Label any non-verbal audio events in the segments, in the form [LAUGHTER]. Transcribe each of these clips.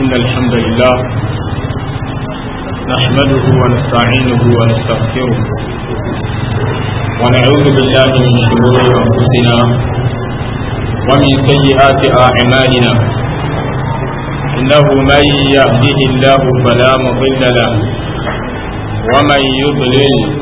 إن الحمد لله نحمده ونستعينه ونستغفره ونعوذ بالله من شرور أنفسنا ومن سيئات أعمالنا إنه من يهده الله فلا مضل له ومن يضلل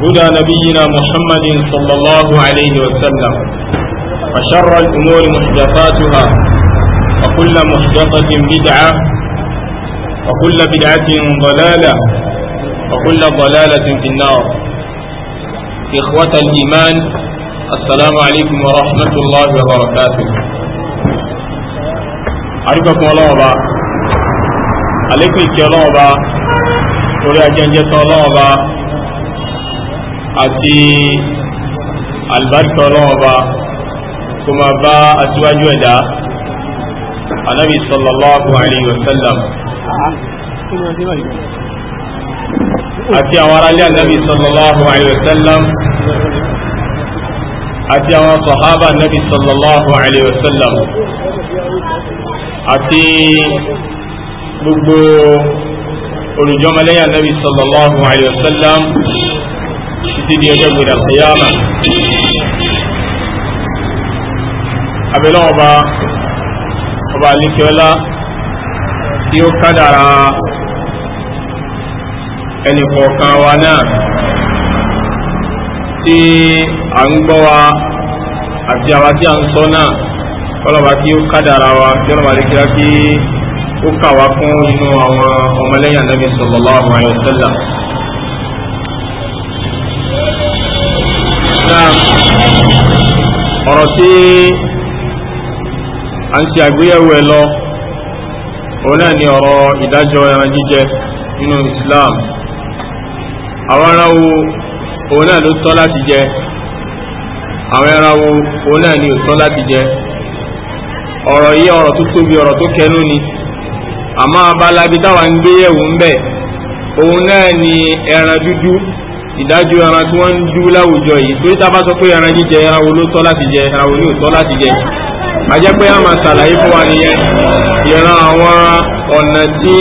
هدى نبينا محمد صلى الله عليه وسلم وشر الأمور محدثاتها وكل محدثة بدعة وكل بدعة ضلالة وكل ضلالة في النار إخوة الإيمان السلام عليكم ورحمة الله وبركاته أرجوكم الله أبا عليكم الله أبا ولي أجنجة الله àti albarka ọlọ́ọba kó máa bá aṣíwájú ẹ̀dá anábì sallallahu alayhi wa sallam àti àwọn aráalé anábì sallallahu alayhi wa sallam àti àwọn sọ̀hábà anábì sallallahu alayhi wa sallam àti gbogbo olùjọmọlẹ́yìn anábì sallallahu alayhi wa títí di ọjọ́ gbèdà kìyàmà abẹ́lẹ́ ọba ọba alikiola tí ó kádàrá ẹnì kọ̀ọ̀kan wa náà tí a ń gbọ́ wa àti àwa tí a ń sọ náà kọlọ́ba kí ó kádàrá wa tí ọlọ́ba alikiola kí ó kà wá fún inú àwọn ọmọlẹ́yìn Ànábì sallallahu alaihi wasallam. ọ̀rọ̀ tí a ń ṣe àgbéyẹ̀wò lọ òun náà ni ọ̀rọ̀ ìdájọ́ ẹran jíjẹ nínú Islam àwọn ẹran wo òun náà ló tọ́ láti jẹ àwọn ẹran wo òun náà ni ò tọ́ láti jẹ ọ̀rọ̀ yìí ọ̀rọ̀ tó tóbi ọ̀rọ̀ tó kẹnu ni àmọ́ abala ibi táwa ń gbéyẹ̀wò ń bẹ̀ òun náà ni ẹran dúdú ìdájọ́ ẹran tí wọ́n ń dú láwùjọ yìí torí tá a bá sọ pé ẹran jíjẹ ẹran wo ló tọ́ láti jẹ ẹran wo ni ò tọ́ láti jẹ àjẹ́ pé a máa ṣàlàyé fún wa nìyẹn ìran àwọn ọ̀nà tí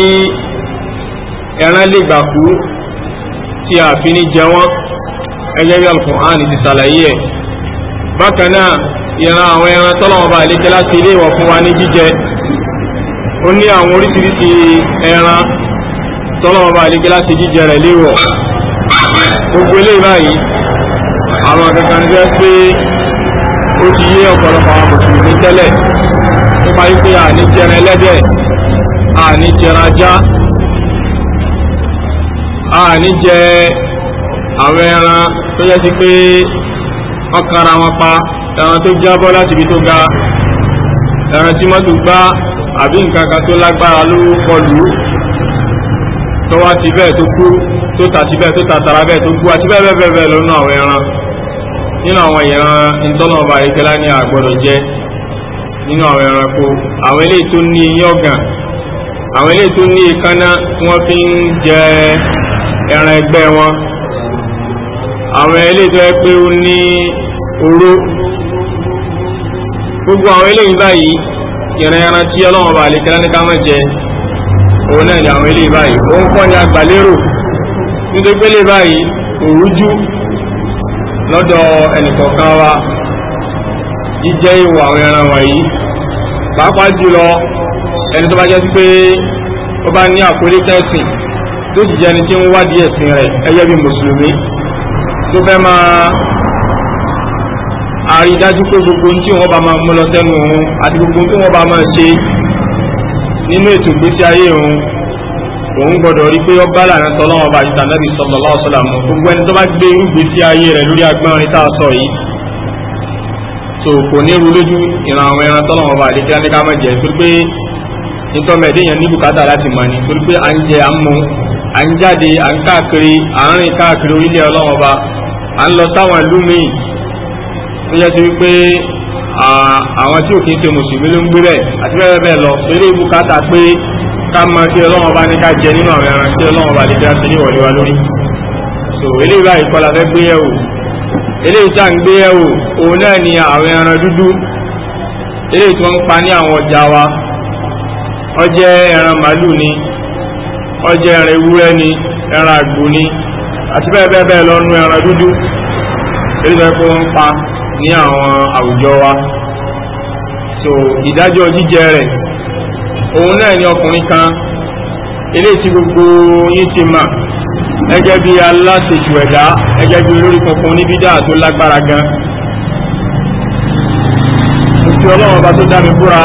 ẹran lè gbà kú tí a fi ní jẹ wọ́n ẹgbẹ́ bí Al-Qur'an ti ṣàlàyé ẹ̀ bákan náà ìran àwọn ẹran tọ́lọ́wọ́n bá àlékẹ́ láti ilé ìwọ̀ fún wa ní jíjẹ ó ní àwọn oríṣiríṣi ẹran tọ́lọ́wọ́n bá àlékẹ́ láti jíjẹ rẹ̀ léwọ̀ gbogbo eléyìí báyìí àwọn kankan jẹ́ pé ó ti yé ọ̀pọ̀lọpọ̀ àwọn mùsùlùmí tẹ́lẹ̀ nípa wípé àní jẹran ẹlẹ́dẹ̀ àní jẹran ajá àní jẹ àwọn ẹran tó yẹ sí pé ọkàrà wọn pa ẹran tó jábọ́ láti ibi tó ga ẹran tí mọ́tò gbá àbí nǹkan kan tó lágbára ló kọlù tó wá ti bẹ́ẹ̀ tó kú tó ti síbẹ̀ tó tara bẹ́ẹ̀ tó kú àti bẹ́ẹ̀ bẹ́ẹ̀ bẹ́ẹ̀ lọ́nà àwọn ẹran nínú àwọn ìkẹlá àgbọ̀dọ̀ nínú àwọn àwọn tó ní yọ̀gàn àwọn tó ní wọ́n fi ń jẹ ẹran ẹgbẹ́ wọn gbogbo àwọn báyìí ìran ẹran tí ọlọ́wọ́n ìkẹlá ká jẹ òun náà ni àwọn báyìí òun nítorí pé lè báyìí òrújú lọ́dọ̀ ẹnìkọ̀ọ̀kan wa jíjẹ ìwà àwọn ẹran wọ̀nyí pàápàá jùlọ ẹni tó bá jẹ́ pé ó bá ní àkórí tẹ́sìn tó sì jẹ́ ẹni tí ń wádìí ẹ̀sìn rẹ̀ ẹyẹ́ bí mùsùlùmí tó fẹ́ máa àrídájú pé gbogbo tí wọ́n bá máa mú lọ sẹ́nu òun àti gbogbo tí wọ́n bá máa ṣe nínú ètò ìgbésí ayé òun òun gbọ́dọ̀ rí pé ọba lànà tọ́lọ́wọ́n bá àjùtà nàbì sallallahu alaihi wasallam gbogbo ẹni tó bá gbé irúgbé sí ayé rẹ̀ lórí agbọ́nrin tá a sọ yìí tó kò ní ru lójú ìran àwọn ẹran tọ́lọ́wọ́n bá àdékẹ́ ní ká má jẹ torí pé nítorí ẹ̀dẹ́yàn ní bùkátà láti mọ̀ ni torí pé à ń jẹ à ń mu à ń jáde à ń káàkiri à ń rìn káàkiri orílẹ̀ ọlọ́wọ́n bá à ń lọ sáwọn ìlú míì tó yẹ ti wípé àwọn tí ò kí ń ṣe mùsùlùmí ló ń gbé bẹ́ẹ̀ àti bẹ́ẹ̀ bẹ́ẹ̀ lọ torí bùkátà pé ká mọ kí ọlọ́run ọba ní ká jẹ nínú àwọn ẹran tí ọlọ́run ọba lè fi ní ìwọ̀lẹ́wà lórí so eléyìí báyìí kọ́ la fẹ́ gbé yẹ̀wò eléyìí tá à ń gbé yẹ̀wò òun náà ni àwọn ẹran dúdú eléyìí tí wọ́n ń pa ní àwọn ọjà wa ó ẹran màálù ni ó ẹran ewúrẹ́ ni ẹran àgbò ni àti bẹ́ẹ̀ bẹ́ẹ̀ bẹ́ẹ̀ lọ́nu ẹran dúdú eléyìí tó wọ́n ń pa ní àwọn àwùjọ wa so ìdájọ́ jíjẹ rẹ̀ òun náà ni ọkùnrin kan eléyìí tí gbogbo yín ti mà gẹ́gẹ́ bí aláṣejù ẹ̀dá gẹ́gẹ́ bí olórí kankan oníbídà tó lágbára gan mo fi ọlọ́run ọba tó dá mi búra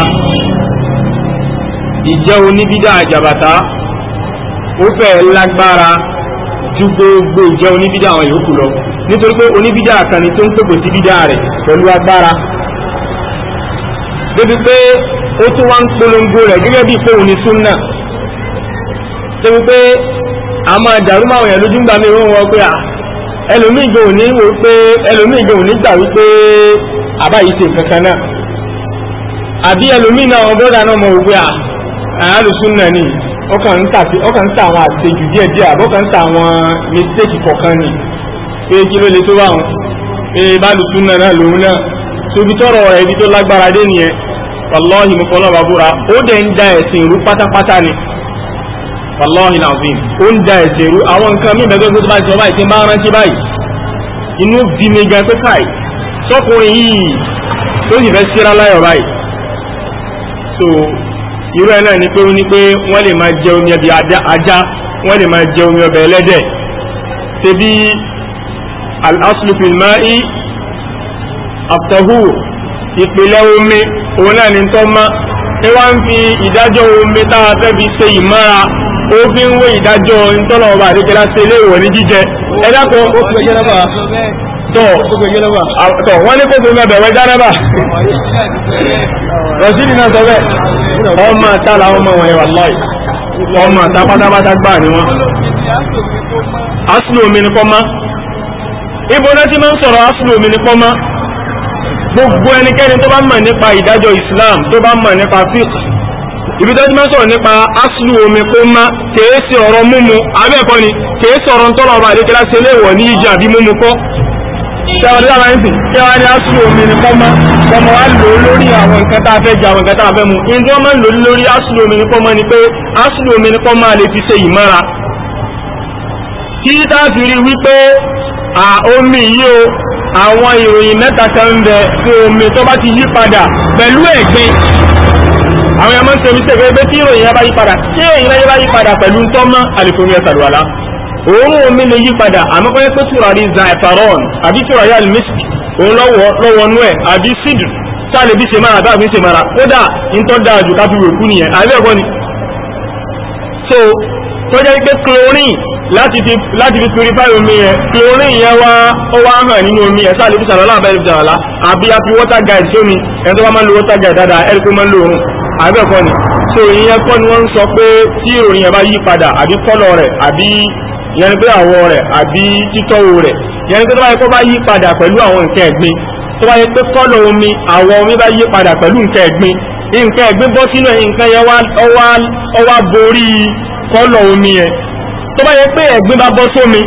ìjẹ́ oníbídà àjàbàtà ó fẹ́ lágbára ju gbogbo ìjẹ́ oníbídà àwọn yòókù lọ nítorí pé oníbídà kan ni tó ń pèpè sí bídà rẹ̀ pẹ̀lú agbára débi pé ó tún wá ń polongo rẹ̀ gẹ́gẹ́ bí ìfowó ní súnà ṣe wípé a máa dàrú máa wọ̀nyàn lójú gbà mí wọ́n wọ́n pé à ah, ẹlòmíì gan ò ní wò pé ẹlòmíì gan ò ní gbà wípé àbá yìí ṣe nǹkan kan náà àbí ẹlòmíì náà wọn bọ́dà náà mọ̀ wípé à ah, àálù súnà ni ọkàn ń tà àwọn àṣejù díẹ̀díẹ̀ àbọ̀kàn ń tà àwọn mistake kọ̀ọ̀kan ni pé kí ló le tó báwọn pé bá lùsùn náà lòun náà tóbi tọrọ ibi tó lágbára dé nìyẹn wàlọ́ọ̀hì mo fọlọ́ bá búra ó dẹ̀ ń da ẹ̀sìn ìrú pátápátá ni wàlọ́ọ̀hì làwìn ó ń da ẹ̀sìn ìrú àwọn nǹkan mí mẹ́gbẹ́ tó bá ti sọ báyìí tí máa rántí báyìí inú bí mi gan pé káì sọkùnrin yìí tó sì fẹ́ síra láyọ̀ báyìí so irú ẹ̀ náà ni pé ní pé wọ́n lè máa jẹ omi ọbẹ̀ ajá wọ́n lè máa jẹ omi ọbẹ̀ ẹlẹ́dẹ̀ ṣe al-aslu ma'i at ìpìlẹ̀ omi òun náà ní tọ́ mọ́ ẹ wá ń fi ìdájọ́ omi tá a fẹ́ fi ṣe ìmọ́ra ó fi ń wé ìdájọ́ ìtọ́nà ọba àdékẹ́lá ṣe léèwọ̀ ní jíjẹ ẹ dákun tọ̀ wọ́n ní kókò mẹ́bẹ̀ wẹ́ jánẹ́bà rọ̀sílì náà sọ bẹ́ẹ̀ ọmọ àtà làwọn ọmọ wọ̀nyí wà lọ́ì ọmọ àtà pátápátá gbà ní wọn asùlù omi ní kọ́má ibo náà ti máa ń sọ̀rọ̀ asùlù omi ní kọ́má gbogbo ẹnikẹ́ni tó bá mọ̀ nípa ìdájọ́ Islam tó bá mọ̀ nípa fiqh ibi tó ti máa sọ̀rọ̀ nípa aslu omi kó má kèé sí ọ̀rọ̀ múmu abẹ́ẹ̀kọ́ ni kèé sọ̀rọ̀ ń tọ́lọ̀ ọba àdékẹ́lá ṣe léèwọ̀ ní ìjà bí múmu kọ́ tẹ́wọ́n aslu omi ni kọ́ má kọ́ mọ́ wá lò ó lórí àwọn mu ní tí wọ́n aslu omi ni kọ́ aslu omi ni kọ́ má lè fi ṣe ìmọ́ra kí tá a fi rí wípé omi yìí o àwọn ìròyìn mẹ́ta kan ń omi tó bá ti yí padà pẹ̀lú ẹ̀gbin àwọn ẹ̀mọ́ ti omi tẹ̀gbẹ́ pé tí ìròyìn yẹn bá yí padà tí èyí yẹn bá yí padà pẹ̀lú tọ́mọ́ àlìfòmí ẹ̀sà lùwàlá òórùn omi lè yí padà àmọ́ pé pé tùràrí zafaron àbí tùràrí almisk òun lọ́wọ́ nú ẹ̀ àbí sídù sáàlè bí ṣe mára àbí so tọ́jà pé chlorine láti fi purify omi yẹn chlorine yẹn wá ó wá hàn nínú omi yẹn sáà lè fi sàlọ́lá àbẹ́rẹ́ fi sàlọ́lá àbí a fi water guide sómi ẹni tó bá máa ń lo water guide dáadáa ẹni tó máa ń lo òun àbẹ́ẹ̀kọ́ ni so ìyẹn kọ́ ni wọ́n ń sọ pé tí ìròyìn yẹn bá yí padà àbí kọ́lọ̀ rẹ̀ àbí yẹn pé àwọ̀ rẹ̀ àbí títọ́wò rẹ̀ yẹn pé tó bá yẹ kó bá yí padà pẹ̀lú àwọn nǹkan ẹ̀gbin tó bá yẹ pé kọ́lọ̀ omi àwọ̀ omi bá yí padà pẹ̀lú nǹkan ẹ̀gbin nǹkan ẹ̀gbin bọ́ sínú nǹkan yẹn wá borí kọ́lọ̀ omi yẹn tó bá yẹ pé ẹ̀gbin bá bọ́ sómi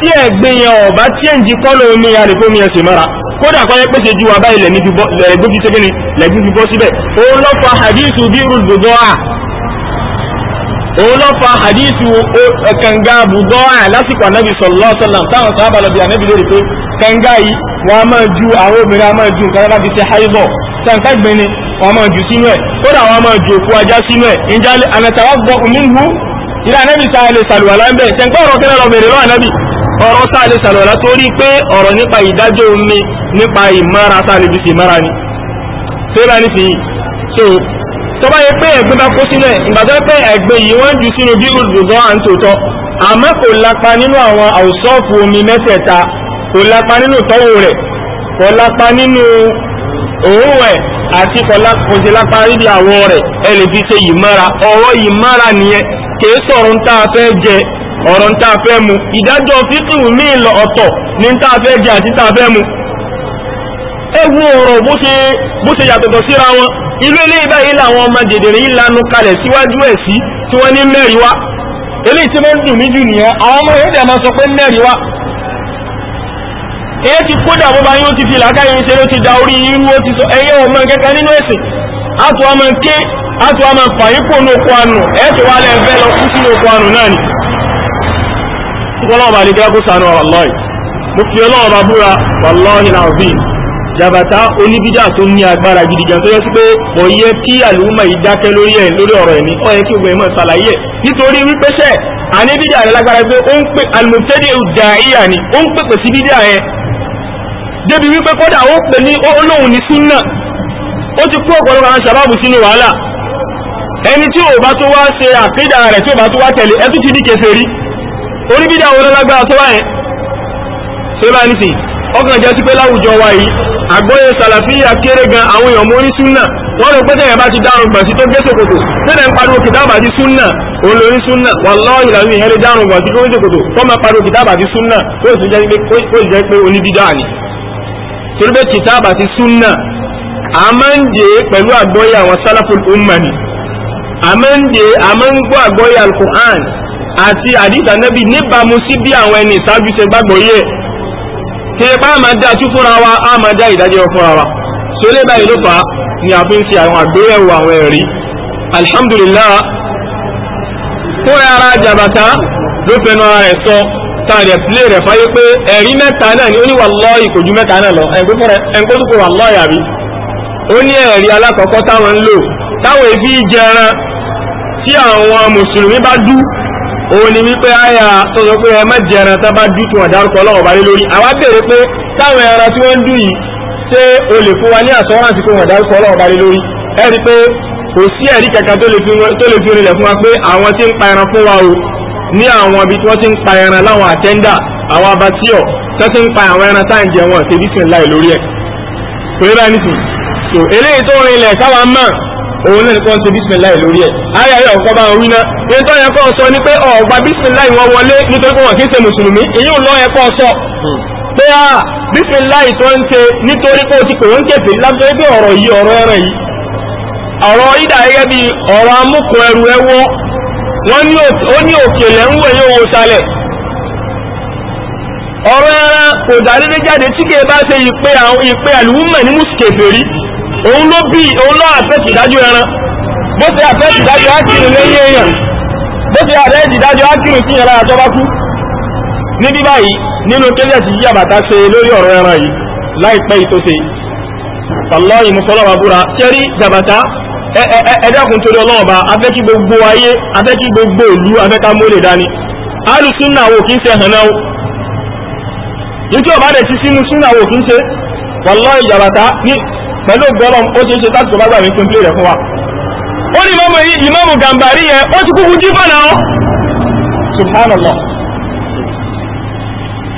tí ẹ̀gbin yẹn ọ̀bá tí ẹ̀ǹjì kọ́lọ̀ omi yẹn àlè fómi ẹ̀sìn mọ́ra kódà kọ́ yẹ pé ṣe ju àbá ilẹ̀ lẹ́gbójú ṣe kíni lẹ́gbójú bọ́ síbẹ̀ òun lọ fa hadithu bírù bùdọ́à òun lọ fa hadithu kànga bùdọ́à lásìkò ànábì sallallahu alaihi wasallam táwọn sábà lọ bí ànábì lórí pé kànga yìí wọ́n a máa ju àwọn obìnrin a máa ju nǹkan lábá fi ṣe haibọ̀ sàǹfàgbẹ́ni wọ́n a máa ju sínú ẹ̀ kódà wọ́n a máa ju òkú ajá sínú ẹ̀ ìjà anatawa gbọ́ ìrẹ́ ànábì sáà lè sàlùwàlá ń bẹ̀ ṣẹ̀ǹkọ́ ọ̀rọ̀ kẹ́lẹ́ lọ bèrè lọ́wọ́ ànábì ọ̀rọ̀ sáà lè sàlùwàlá torí pé ọ̀rọ̀ nípa ìdájọ́ omi nípa ìmára sáà lè bìsì ìmára ni ṣé bá ní sí i so tó bá yẹ pé ẹ̀gbin bá kó sílẹ̀ ìgbà tó pé ẹ̀gbin yìí wọ́n jù sínú bí olùdùdọ́ à ń tòótọ́ àmọ́ kò lapa nínú àwọn àwùsọ́ọ̀fù omi mẹ́tẹ̀ẹ̀ta kò lapa nínú tọ́wò rẹ̀ kò lapa nínú òórùn ẹ̀ àti kò lápa níbi àwọ̀ rẹ̀ ẹ lè fi ṣe ìmára ọ̀rọ̀ ìmára nìyẹn kìí sọ̀rọ̀ ọrụ tá a fẹ́ jẹ tá a fẹ́ mu ìdájọ́ fíkìwù míì lọ ọ̀tọ̀ ní ń tá a fẹ́ jẹ àti tá a fẹ́ mu. ewu ọrọ ọ̀rọ̀ bó ṣe bó ṣe yàtọ̀tọ̀ síra wọn ilé ilé báyìí làwọn ọmọ dèdèrè yìí lanu kalẹ̀ síwájú ẹ̀ sí tí wọ́n ní mẹ́rin wá eléyìí tí wọ́n ń dùn mí jù nìyẹn àwọn ọmọ yóò dẹ̀ máa sọ pé mẹ́rin wá. èyí ti kódà bó ba yín ó ti fi làákàyè ṣe ló ti da orí irú ó ti sọ ẹ̀yẹ́ ọmọ a tó a máa fà yín kó ní oko anù ẹ tó wà lẹ́ẹ̀ fẹ́ lọ kú sínú oko anù náà ni. ọlọ́ọ̀bà ní kẹ́kọ̀ọ́ sànú ọ̀rọ̀ lọ́ọ̀ì mo fi ọlọ́ọ̀bà búra wàlọ́ọ̀hì náà bí jàbàtà oníbídà tó ní agbára gidi gan tó yẹ sí pé kò yẹ kí àlùmọ̀ yìí dákẹ́ lórí ẹ̀ lórí ọ̀rọ̀ ẹ̀mí ó yẹ kí gbogbo ẹ̀mọ́ ṣàlàyé ẹ̀ nítorí wípé ṣẹ́ àníbídà rẹ̀ lágbára pé ó ń pè àlùmọ̀tẹ́dẹ̀ ọ̀dà ìyà ni ó ń pèpè sí bídà ẹ̀ débi wípé kódà ó pè ní olóhùn ní súnà ó ti kú ọ̀pọ̀lọpọ̀ àwọn sàbáàbù sínú wàhálà ẹni tí ò bá tó wá ṣe àkídà rẹ̀ tí ò bá tó wá tẹ̀lé ẹtú ti di kèfèrí oníbídà wọn lágbára tó báyẹn ṣé bá ní sí ọkàn jẹ́ sí pé láwùjọ wa yìí àgbọ́yé sàlàfíà kéré gan àwọn èèyàn mú ní súnà wọ́n rò pé tẹ̀yẹ̀ bá ti dárun gbọ̀n sí tó gé ṣòkòtò tẹ́lẹ̀ ń pariwo kìtàbà ti súnà òun lórí súnà wallahi ìlànà ìhẹ́lẹ́ dárun gbọ̀n sí tó gé ṣòkòtò wọ́n máa pariwo kìtàbà ti súnà ó sì jẹ́ pé oníbídà ni torí pé kìtàbà ti súnà a máa ń dè pẹ̀lú àgbọ́yé àwọn sálàfù ummah ni àmọ́ǹde àmọ́ǹgbọ́ àgbọ́yé al-Qur'an àti àdìsá nẹ́bí níbàámu sí bí àwọn ẹni ìsáájú ṣe gbàgbọ́ yẹ kí ẹ bá a máa dá tú fúnra wa a máa dá ìdájọ́ fúnra wa sólé báyìí ló fà á ni a fi ń ṣe àwọn àgbéyẹ̀wò àwọn ẹ̀rí alhamdulillah fún ara jàbàtà ló fẹnu ara rẹ̀ sọ tààrẹ̀ plé rẹ̀ fáyé pé ẹ̀rí mẹ́ta náà ni ó ní wallahi kò ju mẹ́ta náà lọ ẹ̀ńkó tó kò wallahi àbí ó ní ẹ̀rí alákọ̀ọ́kọ́ táwọn ń lò táwọn ibi jẹran tí àwọn mùsùlùmí bá dú òun ni wípé àyà tó sọ pé ẹ má jẹ ẹran tá bá dú tí wọn dárúkọ Ọlọ́run bá lé lórí àwa béèrè pé táwọn ẹran tí wọ́n ń dú yìí ṣé o lè fún wa ní àsọ́ránsì pé wọn dárúkọ Ọlọ́run bá lé lórí ẹ rí i pé kò sí ẹ̀rí kankan tó lè fi rinlẹ̀ fún wa pé àwọn tí ń pa ẹran fún wa o ní àwọn ibi tí wọ́n ti ń pa ẹran láwọn àtẹ́ndà àwọn abatíọ̀ tó ti ń pa àwọn ẹran tá à ń jẹ wọn ṣe bí sìn láì lórí ẹ̀ kò báyìí nìsín so eléyìí tó rinlẹ̀ táwa mọ̀ òun náà nìkan ṣe bísíláì lórí ẹ̀ ayé ayé ọ̀kọ́ bá wí náà èyí tó yẹ kọ́ sọ ni pé ọ̀gbà bísíláì wọn wọlé nítorí pé wọn kì í ṣe mùsùlùmí èyí ò lọ́ yẹ kọ́ sọ hmm. pé a ah, bísíláì tó ń ṣe nítorí pé o ti pè wọ́n kẹfì lábẹ́ pé ọ̀rọ̀ yìí ọ̀rọ̀ ẹ̀rọ yìí ọ̀rọ̀ ìdá gẹ́gẹ́ bí ọ̀rọ̀ amúkun ẹrù ẹwọ́ wọ́n ní òkèlè ń wò yóò wo sálẹ̀ ọ̀rọ̀ ẹran kò dá dédé jáde tí kìí bá ṣe ìpè àlùmọ̀ ní mùsùlùmí òun ló bí òun ló àfẹ́tì ìdájọ́ ẹran bó ṣe àfẹ́tì ìdájọ́ ákìrì lẹ́yìn èèyàn bó ṣe àfẹ́tì ìdájọ́ ákìrì sí ìyàrá àtọ́bá kú ní bí báyìí nínú kílẹ̀sì yí àbàtà ṣe lórí ọ̀rọ̀ ẹran yìí láìpẹ́ yìí tó ṣe tàlọ́ọ̀yì mùsọ́lọ́wà búra ṣẹ́rí jàbàtà ẹ̀ẹ́dẹ́kùn torí ọlọ́ọ̀bá afẹ́kí gbogbo ayé afẹ́kí gbogbo ìlú afẹ́ká mólè dání alùsúnà wò kí ń ṣe hàn náà ní tí ọ̀bá dẹ̀ ti sínú súnà wò kí ń ṣe wàlọ́ọ̀yì jàbàtà ní pẹ̀lú gbọ́lọ́m ó ṣe ṣe láti tó bá gbà mí fún pílé rẹ̀ fún wa ó ní ìmáàmù yìí ìmáàmù gàmbàrí yẹn ó ti kúkú jífà náà subhanallah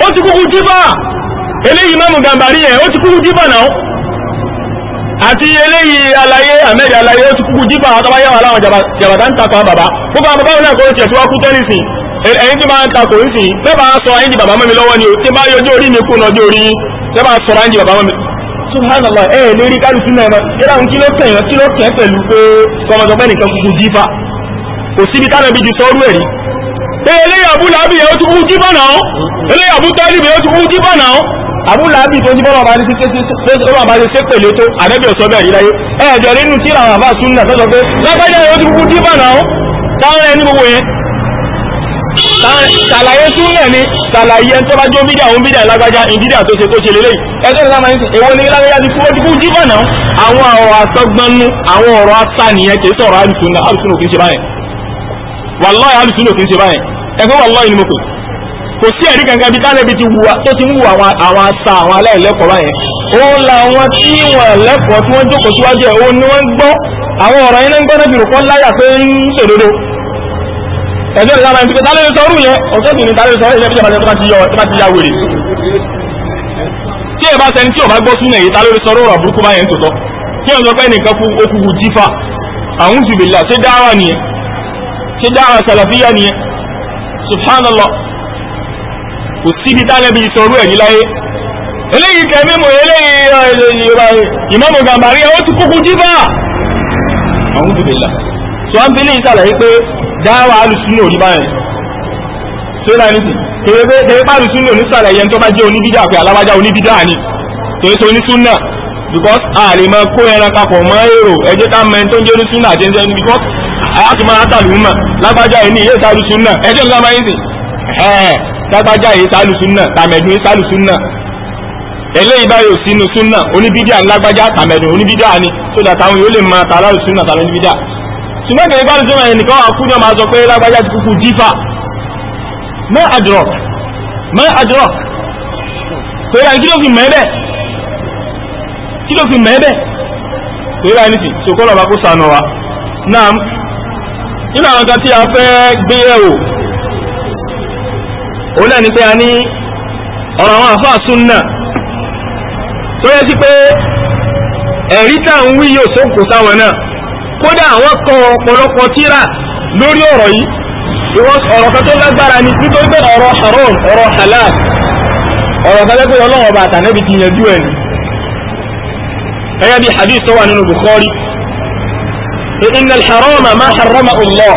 ó ti kúkú jífà eléyìí ìmáàmù gàmbàrí yẹn ó ti kúkú jífà náà àti eléyìí alayé ahmed alayé ó ti kúkú jífà àwọn tọ́bá yẹwà láwọn jàbàtà ń takọ̀ bàbá gbogbo àwọn bàbá wọn náà kò tiẹ̀ tí wọ́n kú tẹ́lẹ̀ sí ẹ̀yìn tí máa ń takò ń sìn bẹ́ẹ̀ bá sọ ẹ̀yìn di bàbá mọ́ mi lọ́wọ́ ni o tí bá yọjú orí mi kú náà ojú orí yín bẹ́ẹ̀ bá sọ ẹ̀yìn di bàbá mọ́ mi subhanallah ẹ̀ lérí kálukú náà mọ́ yẹ́dá òun kí ló kẹ̀yàn kí ló kẹ̀ pẹ̀lú pé kọmọdọ̀pẹ́ nìkan kúkú dífà kò síbi tánàbí ju sọ́rú ẹ̀rí pé eléyà abúlábì yẹn ó ti kú dífà náà eléyà abútálíbì yẹn ó ti kú dífà náà abúlábì tó ń jíbọ́ bàbá ní ṣe pèlè tó àdẹ́bẹ̀ ọ̀sọ́ bẹ̀rí láyé ẹ̀ẹ̀dẹ̀ nínú tí làwọn àbá súnà tó sọ pé lápẹ́jẹ́ yẹn ó ti kú dífà náà táwọn ẹni gbogbo yẹn ṣàlàyé súnlẹ̀ ni ṣàlàyé ẹni tó bá jó bídà òun bídà lágbájá ìdídà tó ṣe tó ṣe lélẹ̀ ẹgbẹ́ ìlànà máa ń sìn èwo ni lágbájá ti kúrò kú jí bọ̀nà àwọn ọ̀rọ̀ asọ́gbọ́nú àwọn ọ̀rọ̀ asá nìyẹn kì í sọ̀rọ̀ alùsùn alùsùn òfin ṣe báyẹn wàláì alùsùn òfin ṣe báyẹn ẹgbẹ́ wàláì ni mo pè kò sí ẹ̀rí kankan bí tálẹ́bi ti wù tó ti ń wù àwọn asá àwọn aláìlẹ́kọ̀ọ́ báyẹn òun làwọn tí wọn lẹ́kọ̀ọ́ tí wọ́n jókòó síwájú ẹ̀ òun ni wọ́n gbọ́ àwọn ọ̀rọ̀ yẹn ń gbọ́dọ̀ bìrù kọ́ láyà pé ń ṣòdodo ẹjọ́ ìyá máa ń pípẹ́ tálẹ́ sọ́rù yẹn ọ̀tọ́ sì ní tálẹ́ sọ́rù yẹn pípẹ́ tó bá ti yọ tó bá ti ya wèrè tí ẹ bá sẹni tí ò bá gbọ́ súnà yìí tálẹ́ sọ́rù ọ̀rọ̀ burúkú máa yẹn tòótọ́ kí ẹ̀ ń sọ pé nìkan kú ó kúkú jífà àwọn jùbìlà ṣé dáhà nìyẹn ṣé dáhà sàlàfíyà nìyẹn subhanallah kò síbi tálẹ́ bí sọ́rù ẹ̀ níláyé eléyìí kẹ́mí mọ̀ eléyìí ìmáàmù Gàmbàrí dáwà alùsùn náà oníbàyẹn sóyà ní ti kèrè pé alùsùn náà onísàlẹ̀ yẹn tó bá jẹ́ oníbídà pé alábàjá oníbídà ni kèrè tó onísùn náà because a lè máa kó ẹran papọ̀ mọ́ èrò ẹjẹ́ ká mẹ́rin tó ń jẹ́ onísùn náà àti ẹni because a ti máa tàlù mọ̀ lágbájá yìí ní iye ìsàlùsùn náà ẹjẹ́ ńlá máa ń sìn ẹ̀ẹ́ lágbájá yìí ìsàlùsùn náà tàmẹ̀dùn ìsàlùsùn náà eléyìí báyìí ò sínú súnà oníbídíà ńlágbájá tàmẹ̀dùn oníbídíà ni sódà táwọn yóò lè máa tààrà òsínà tàbí oníbídíà ṣùgbọ́n kìí bá lùsọ́nà ẹni kan àkú náà máa sọ pé lágbájá ti kúkú jífà mọ́ àdúrọ̀ mọ́ àdúrọ̀ tó yẹ kí ló fi mẹ́ẹ̀bẹ̀ kí ló fi mẹ́ẹ̀bẹ̀ tó yẹ ní ti ṣòkòrò ọba kó sànù wa náà nínú àwọn kan tí a fẹ́ gbé yẹ̀wò òun náà ni pé a ní ọ̀rọ̀ àwọn àfáà súnnà tó yẹ sí pé ẹ̀rí táà ń wí yóò sókò sáwọn náà kódà àwọn kọ ọ̀pọ̀lọpọ̀ tíra lórí ọ̀rọ̀ yìí ìwọ́n ọ̀rọ̀ kan tó lágbára ni nítorí pé ọ̀rọ̀ haram ọ̀rọ̀ halal ọ̀rọ̀ kan lẹ́gbẹ̀ẹ́ ọlọ́run ọba àtànẹ́bì ti yanjú ẹ̀ ni gẹ́gẹ́ bí hadith tó wà nínú Bukhari inna al-harama ma harrama Allah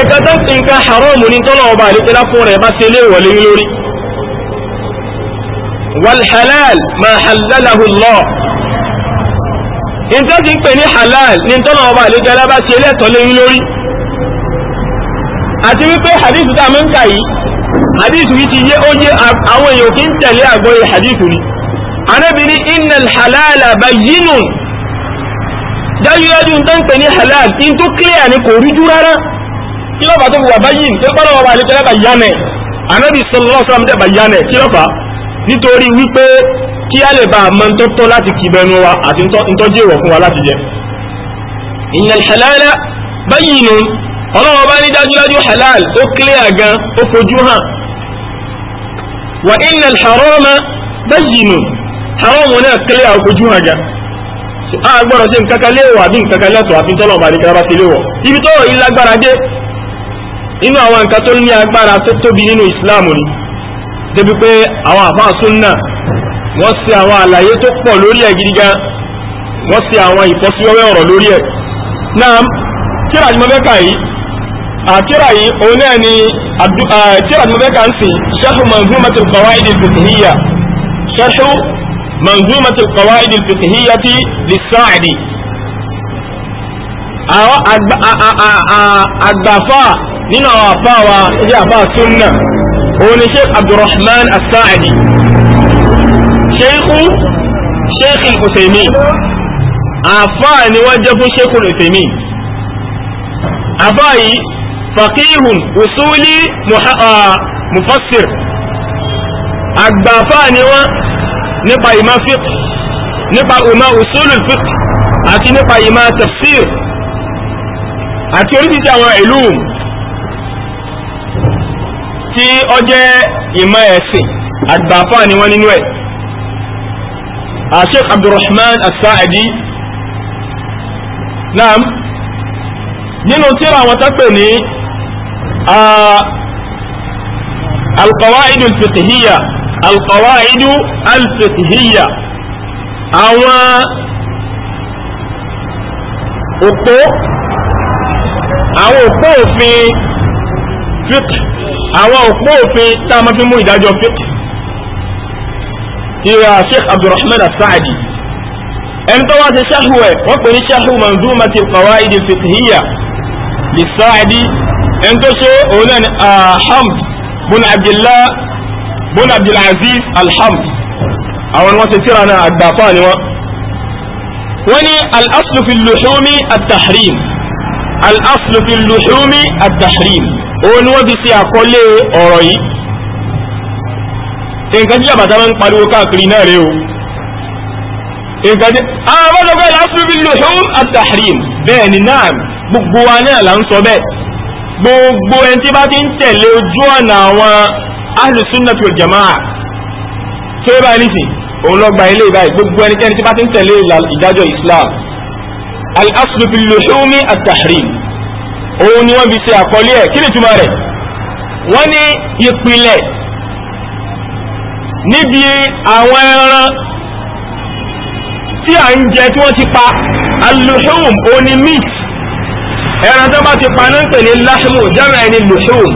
ẹ̀ka tó ti nǹkan haram ní tọ́lọ̀ ọba àlẹ́tẹ́lá fún rẹ̀ bá ṣe lé wọlé lórí wal halal halalahu Allah nǹkan tí ń pè ní halal ní tọ́nà ọba àlejò alábá ṣe lẹ́tọ̀ọ́ léyìn lórí àti wípé hadithu tá a mẹ́ńkà yìí hadithu yìí ti yé ó yé àwọn èèyàn kí ń tẹ̀lé àgbọ́yé hadithu ni Ànábì ní innal halala bayyinun dájúdájú tó ń pè ní halal tí tó clear ni kò rújú rárá kí lọ́pàá tó wà báyìí tí ó ọba àlejò alábá yánẹ̀ Ànábì sallallahu kí a lè bá a mọ ntọ́tọ́ láti kì bẹnu wa àti ntọ́jú ìwọ̀ fún wa láti jẹ. innal halala bayyinun ọlọ́wọ́ bá ní dájúdájú halal ó clear gan ó fojú hàn wa innal harama bayyinun haramu náà clear ó fojú hàn gan a gbọ́dọ̀ ṣe nǹkan kan léèwọ̀ àbí nǹkan kan lẹ́tọ̀ọ́ àfi tọ́lọ̀ bá ní kára bá ti léèwọ̀ ibi tó ní wọ́n ṣe àwọn àlàyé tó pọ̀ lórí ẹ̀ gidi gan wọ́n ṣe àwọn ìfọ́síwẹ́wẹ́ ọ̀rọ̀ lórí ẹ̀ náà kíra ni mo fẹ́ kà yìí àkíra yìí òun náà ni kíra ni mo fẹ́ kà ń sìn ṣẹ́fù manzumati qawaid al-fiqhiyya ṣẹ́fù manzumati qawaid al-fiqhiyya ti lis-Sa'di àwọn àgbàfà nínú àwọn àfáà wa ilé àfáà sunna òun ni sheikh abdulrahman as-Sa'di ṣéèkù ṣéèkì kùsèmí àfáà ni wọ́n jẹ́ fún ṣéèkù kùsèmí àfáà yìí fàkíhùn usuli ah, mufassir àgbàfáà ni wọ́n nípa ìmá fiqh nípa ìmá usulu fiqh àti nípa ìmá tafsir àti oríṣiríṣi àwọn ìlú tí ó jẹ́ ìmọ̀ ẹ̀sìn àgbàfà ni wọ́n nínú ẹ̀ الشيخ آه، عبد الرحمن الساعدي نعم نينو سيرا وتقني آه، القواعد الفقهية القواعد الفقهية أو أكو أو أكو في فقه أو أكو في تام في مويدة فقه tíra sheikh abdulrahman asaadi ẹni tó wá sí ṣáhù ẹ̀ wọ́n pè ní ṣáhù manzumati alqawaid alfiqhiyya li saadi ẹni tó ṣe òun náà ni alhamd bun abdillah bun abdulaziz alhamd àwọn wọn ti tíra náà àgbàfà ni wọn. wọ́n ní al-aslu fi luhumi at-tahrim al-aslu luhumi at-tahrim òun ni wọ́n fi ṣe àkọlé ọ̀rọ̀ yìí nǹkan tí àbàtà máa ń pariwo káàkiri náà rèé o nǹkan tí àwọn ọmọdé lásìkò bí lóhùn àtàhìm bẹ́ẹ̀ ni náà gbogbo wa náà là ń sọ bẹ́ẹ̀ gbogbo ẹni tí bá ti ń tẹ̀lé ojú ọ̀nà àwọn ahlùsúnnà tó jàmáà tó yẹ báyìí nìsín òun lọ gba ilé ìbáyìí gbogbo ẹnikẹ́ni tí bá ti ń tẹ̀lé ìdájọ́ Islam al-aslu fil luhumi òun ni wọ́n fi ṣe àkọlé ẹ̀ kí ni túmọ̀ rẹ̀ wọ́n ní ìpìlẹ̀ níbi àwọn ẹran tí à ń jẹ tí wọ́n ti pa aluhum oní meat ẹran tó bá ti pa ní pè ní lahmu jẹ́rọ ẹni luhum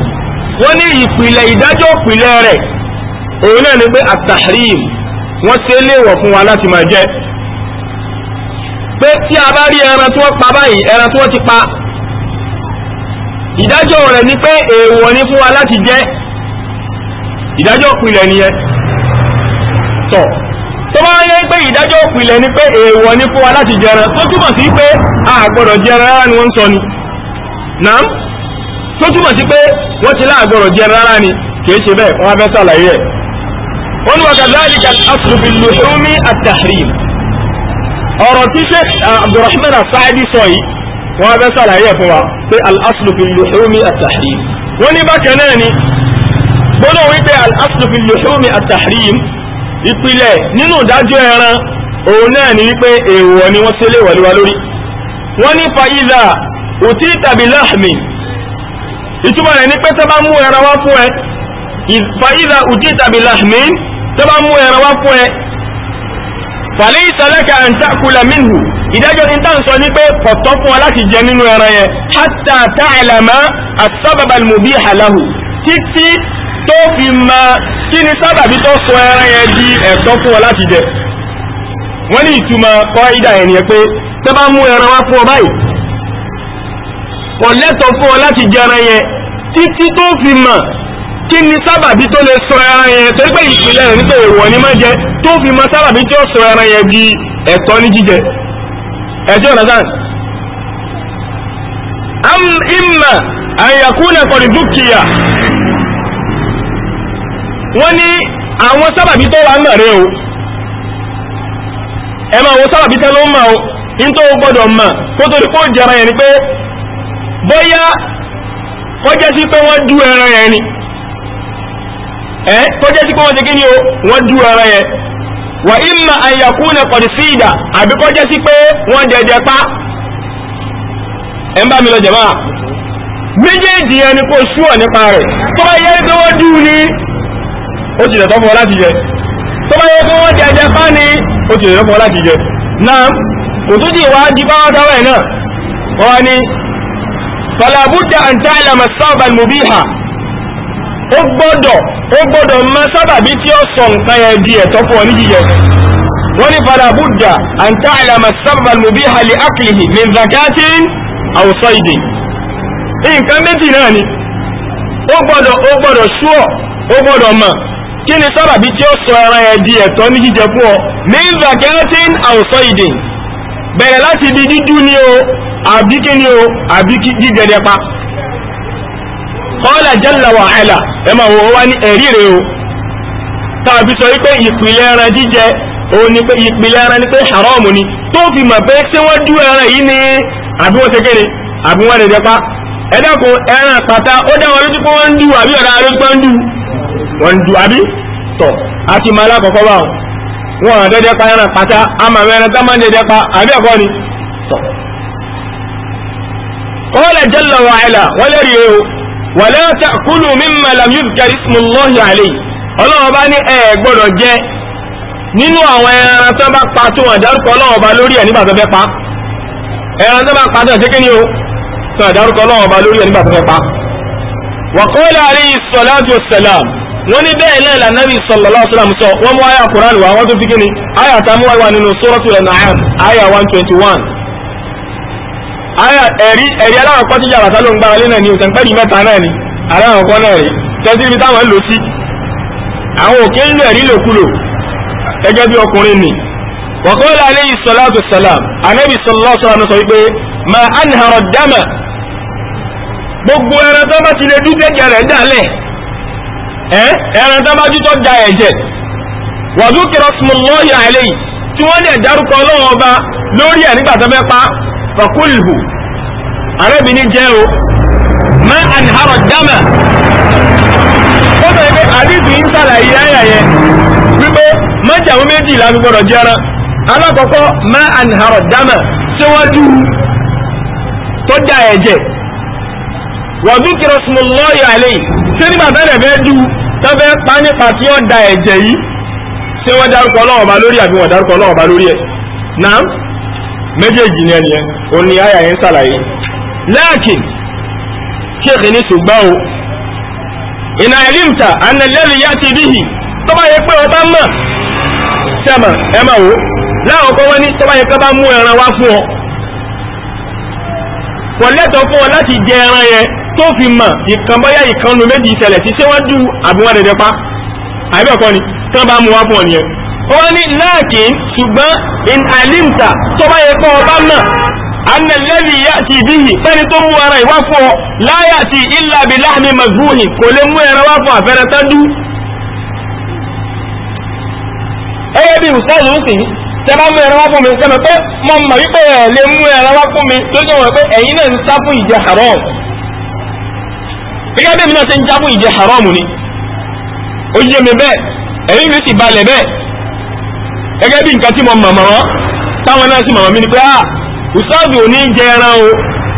wọ́n ní ìpìlẹ̀ ìdájọ́ ìpìlẹ̀ rẹ̀ òun náà ni pé at-tahrim wọ́n ṣe léèwọ̀ fún wa láti máa jẹ pé tí a bá rí ẹran tí wọ́n pa báyìí ẹran tí wọ́n ti pa ìdájọ́ rẹ̀ ni pé èèwọ̀ ni fún wa láti jẹ ìdájọ́ ìpìlẹ̀ nìyẹn tọ̀ tó bá yẹ pé ìdájọ́ òpìlẹ̀ ni pé èèwọ̀ ni fún wa láti jẹran tó túmọ̀ sí pé a gbọ́dọ̀ jẹran rárá ni wọ́n ń sọ ni nàám tó túmọ̀ sí pé wọ́n ti láàgbọ̀rọ̀ jẹran rárá ni kìí ṣe bẹ́ẹ̀ wọ́n abẹ́ sàlàyé ẹ̀ wọ́n ní wa kadhalika al-aslu bil-luhumi at-tahrim ọ̀rọ̀ tí ṣe Abdurrahman as-Sa'di sọ yìí wọ́n abẹ́ sàlàyé fún wa pé al-aslu bil-luhumi at-tahrim wọ́n ní bákan náà ni gbọ́dọ̀ wípé al-aslu bil-luhumi at-tahrim ìpìlẹ̀ nínú ìdájọ́ ẹran òun náà ni wípé èèwọ̀ ni wọ́n ṣe léèwọ̀ lé wa lórí wọ́n ní fàyíza òtí tàbí láàmì ìtumọ̀ rẹ̀ ni pé tẹ́ bá mú ẹran wá fún ẹ fàyíza òtí tàbí láàmì tẹ́ bá mú ẹran wá fún ẹ fàlẹ́ ìsàlẹ́kà an ta'kula minhu ìdájọ́ ní tá ń sọ ní pé kọ̀tọ́ fún wa láti jẹ nínú ẹran yẹn hatta ta'lama as-sabab al títí tó fi máa kí ni sábàbí tó sọ ẹran yẹn di ẹ̀tọ́ fún ọ láti jẹ wọ́n ní ìtumọ̀ kọ́ ìdá yẹn nìyẹn pé tẹ́ bá mú ẹran wá fún ọ báyìí kò fún ọ láti jẹ ẹran yẹn títí tó fi mọ̀ kí ni sábàbí tó lè sọ ẹran yẹn torí pé ìpìlẹ̀ rẹ̀ nípa èèwọ̀ ni má jẹ tó fi mọ̀ sábàbí tó sọ ẹran yẹn di ẹ̀tọ́ ní jíjẹ ẹjọ́ nàdán am imma an yakuna wọ́n ní àwọn sábàbí tó wà ń mọ̀rẹ́ o ẹ máa wo sábàbí tẹ́ ló ń mọ̀ o ní tó gbọ́dọ̀ mọ̀ kó tó di kó jẹra yẹn ni pé bóyá kọjá sí pé wọ́n dú ẹran yẹn ni ẹ kọjá sí pé wọ́n ti kí o wọ́n dú ẹran yẹn wà ìmà àyàkúnà kọ̀dísíìdà àbí kọjá sí pé wọ́n jẹjẹ pa ẹ ń bá mi lọ jẹ̀mọ́ méjèèjì yẹn ni kò nípa rẹ̀ tó yẹ pé wọ́n dú ni ó ti tẹ̀tọ́ fún ọ láti jẹ tó bá yẹ kó wọ́n ti ẹ̀jẹ̀ pa ni ó ti tẹ̀tọ́ fún ọ láti jẹ náà kò tún ti wá di báwọn táwọn ẹ̀ náà wọ́n wá ní falabuda àǹtá ìlànà sábà mubiha ó gbọ́dọ̀ ó gbọ́dọ̀ mọ sábàbí tí ó sọ nǹkan yẹn di ẹ̀tọ́ fún ọ ní jíjẹ wọ́n ní falabuda àǹtá ìlànà sábà mubiha li aklihi min zakatin aw saydin nǹkan méjì náà ni ó gbọ́dọ̀ ó gbọ́dọ̀ ṣúọ̀ ó gbọ́dọ̀ mọ̀ kí ni sábàbí tí ó sọ ẹran ẹ̀ di ẹ̀tọ́ ní jíjẹ fún ọ min zakatin àwòsọ ìdè bẹ̀rẹ̀ láti ibi dídú ni o àbí kí ni o àbí jíjẹdẹ pa qala jalla wa ala ẹ máa wọ wá ní ẹ̀rí rẹ o tàbí sọ wípé ìpìlẹ̀ ẹran jíjẹ òun ni pé ìpìlẹ̀ ẹran ni pé haramu ni tó fi mọ̀ pé ṣé wọ́n dú ẹran yìí ni àbí wọ́n ṣe kéde àbí wọ́n dẹ̀dẹ̀ pa ẹ dákun ẹran pàtà ó dá wọn lójú pé wọ́n ń dú àbí ọ̀dà wọ́n ń du àbí tọ̀ àti máa lákọ̀ọ́kọ́ bá wọn wọn àdẹ́dẹ́ pa ẹran pátá àmà mẹ́rin tá máa ń dẹ́dẹ́ pa àbí ẹ̀kọ́ ni tọ̀. qala jalla wa ala wọ́n lè rí e o wa la ta'kulu mimma lam yudhkar ismullahi alayhi ọlọ́wọ́ bá ní ẹ gbọ́dọ̀ jẹ nínú àwọn ẹran tó bá pa tó wọn dárúkọ ọlọ́wọ́ bá lórí ẹ̀ nígbà tó fẹ́ pa ẹran tó bá pa tó ṣe kí ni o tó wọn dárúkọ ọlọ́wọ́ bá lórí ẹ̀ nígbà tó fẹ́ pa. wa qala alayhi salatu wassalam wọ́n ní bẹ́ẹ̀ náà la nabi sallallahu alaihi wasallam sọ wọ́n mú àyà quran wa wọ́n tún fi kíni àyà tá a mú wá nínú suratul an'am àyà one twenty one àyà ẹ̀rí ẹ̀rí aláwọ̀ kọ́ yàrá tá ló ń gbára lé náà ni òtẹ̀ ń mẹ́ta náà ni aláwọ̀ kọ́ náà rí tẹ́sí ibi táwọn ń lò sí àwọn òkè ń lò ẹ̀rí lòkulò gẹ́gẹ́ bí ọkùnrin ni وقال عليه ẹran tó bá jú tó da ẹ̀jẹ̀ wàdú kìrọsùmùlọ́ọ̀yì àìlẹ́yìn tí wọ́n lè dárúkọ ọlọ́wọ́n ọba lórí ẹ̀ nígbà tó fẹ́ pa fọkúlìhù arábìnrin jẹ́ o má àníhàrọ̀ dámà ó bẹ̀rẹ̀ pé àdìsí ń sàlàyé ayà yẹn wípé májàmú méjì làbí gbọdọ̀ jẹ́ ẹran alákọ̀ọ́kọ́ má àníhàrọ̀ dámà síwájú tó da ẹ̀jẹ̀ wàdú kìrọsùmùlọ́ọ̀yì àìlẹ́yìn ṣé nígbà tẹ́lẹ̀ fẹ́ ju tó fẹ́ pa nípa tí ó da ẹ̀jẹ̀ yìí ṣé wọ́n dárúkọ Ọlọ́run ọba lórí àbí wọ́n dárúkọ Ọlọ́run ọba lórí ẹ̀ náà méjèèjì ni ẹnìyẹn òun ni àyà yẹn ń ṣàlàyé láàkìn ṣéèkì ní ṣùgbọ́n o ìnà ìrìntà ànàlẹ́rì yá ti bíhì tó bá yẹ pé ọba mọ̀ sẹ́mà ẹ máa wò láwọn kan wọ́n tó bá yẹ ká bá mú ẹran wá fún ọ kò lẹ́tọ̀ọ́ fún ọ láti jẹ ẹran yẹn tó fi mọ̀ ìkan bọ́yá ìkan nu méjì ìṣẹ̀lẹ̀ sí síwájú àbí wọn dẹ̀dẹ̀ pa àbí ọ̀kọ́ ni tí wọ́n bá mú wá fún ọ nìyẹn. ó wá ní láàkì ṣùgbọ́n in alimta tó bá yẹ kó ọba mọ̀ anàlẹ́lì yá ti bíyì sẹ́ni tó mú ara ìwá fún ọ láyà ti ilà bí láàmì mazúhì kò lè mú ẹran wá fún àfẹ́rẹ́ tọ́jú. ẹyẹ bí ìwòsàn ń sìn tẹ́bá mú ẹran wá fún mi sẹ́mi pé mo mọ̀ wípé ẹ̀ lè mú ẹran wá fún mi tó jẹ́ wọ́n pé ẹ̀yin náà ń sá fún ìjẹ gẹ́gẹ́ bí èmi náà ṣe ń jábọ̀ ìjẹ haram ni ó yé mi bẹ́ẹ̀ ẹ̀yìn mi sì balẹ̀ bẹ́ẹ̀ gẹ́gẹ́ bí nǹkan tí mo mọ̀ mọ́ táwọn náà sì mọ̀ mí ni pé ah ustaadu ò ní jẹ ẹran o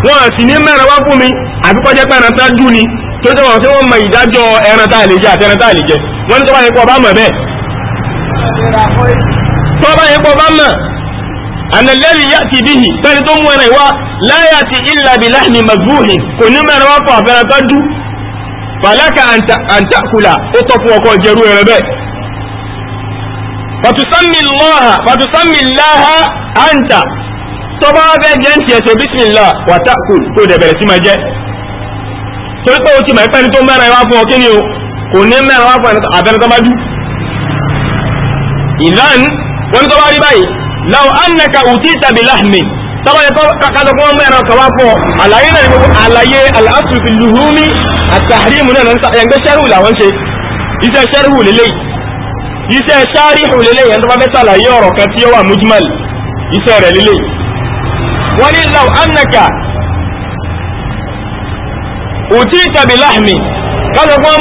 wọn sì ní mẹ́rin wá fún mi àbíkọ́jẹ́ pé ẹran tá dùn ni tó jẹ́ wọn tí wọ́n mọ ìdájọ́ ẹran tá lè jẹ àti ẹran tá lè jẹ wọ́n ní tó bá kó ọba mọ̀ bẹ́ẹ̀ tó bá kó ọba mọ̀ ànàlẹ́rì yá ti bí yìí sẹ́ni tó mú ẹran ìwá láyà ti ìlà bí láhìní mazúhìn kò ní mẹ́rin wá fún àfẹ́ràn tá dùn fàlákà àǹtàkùlà ó tọ́ fún ọkọ̀ jẹrú ẹ̀rẹ̀ bẹ́ẹ̀ fàtùsánmìláha àǹtà tó bá fẹ́ jẹ́ ń tiẹ̀ tó bísmìlá wàtàkùl tó dẹ̀ bẹ̀rẹ̀ sí máa jẹ́ torí pé o ti máa pẹ́ni tó mẹ́rin wá fún ọ kí ni o kò ní mẹ́rin wá fún abẹ́rẹ́ tó bá dú ìlànà wọn tó rí báyìí láwọn annaka ùtí tàbí láhmin tọ́wọ́ yẹ kájọ kí wọ́n mú ẹran kọ̀wá fún ọ àlàyé náà ni gbogbo àlàyé aláṣùfì lùhúmi àtàrímù náà ń gbé sẹ́rù làwọn ṣe iṣẹ́ sẹ́rù lélẹ̀ iṣẹ́ sáríhù lélẹ̀ yẹn tó bá fẹ́ sàlàyé ọ̀rọ̀ kan tí ó wà mujmal iṣẹ́ rẹ̀ lélẹ̀ wọ́n ní law annaka òtí tàbí láhmi kájọ fún ọ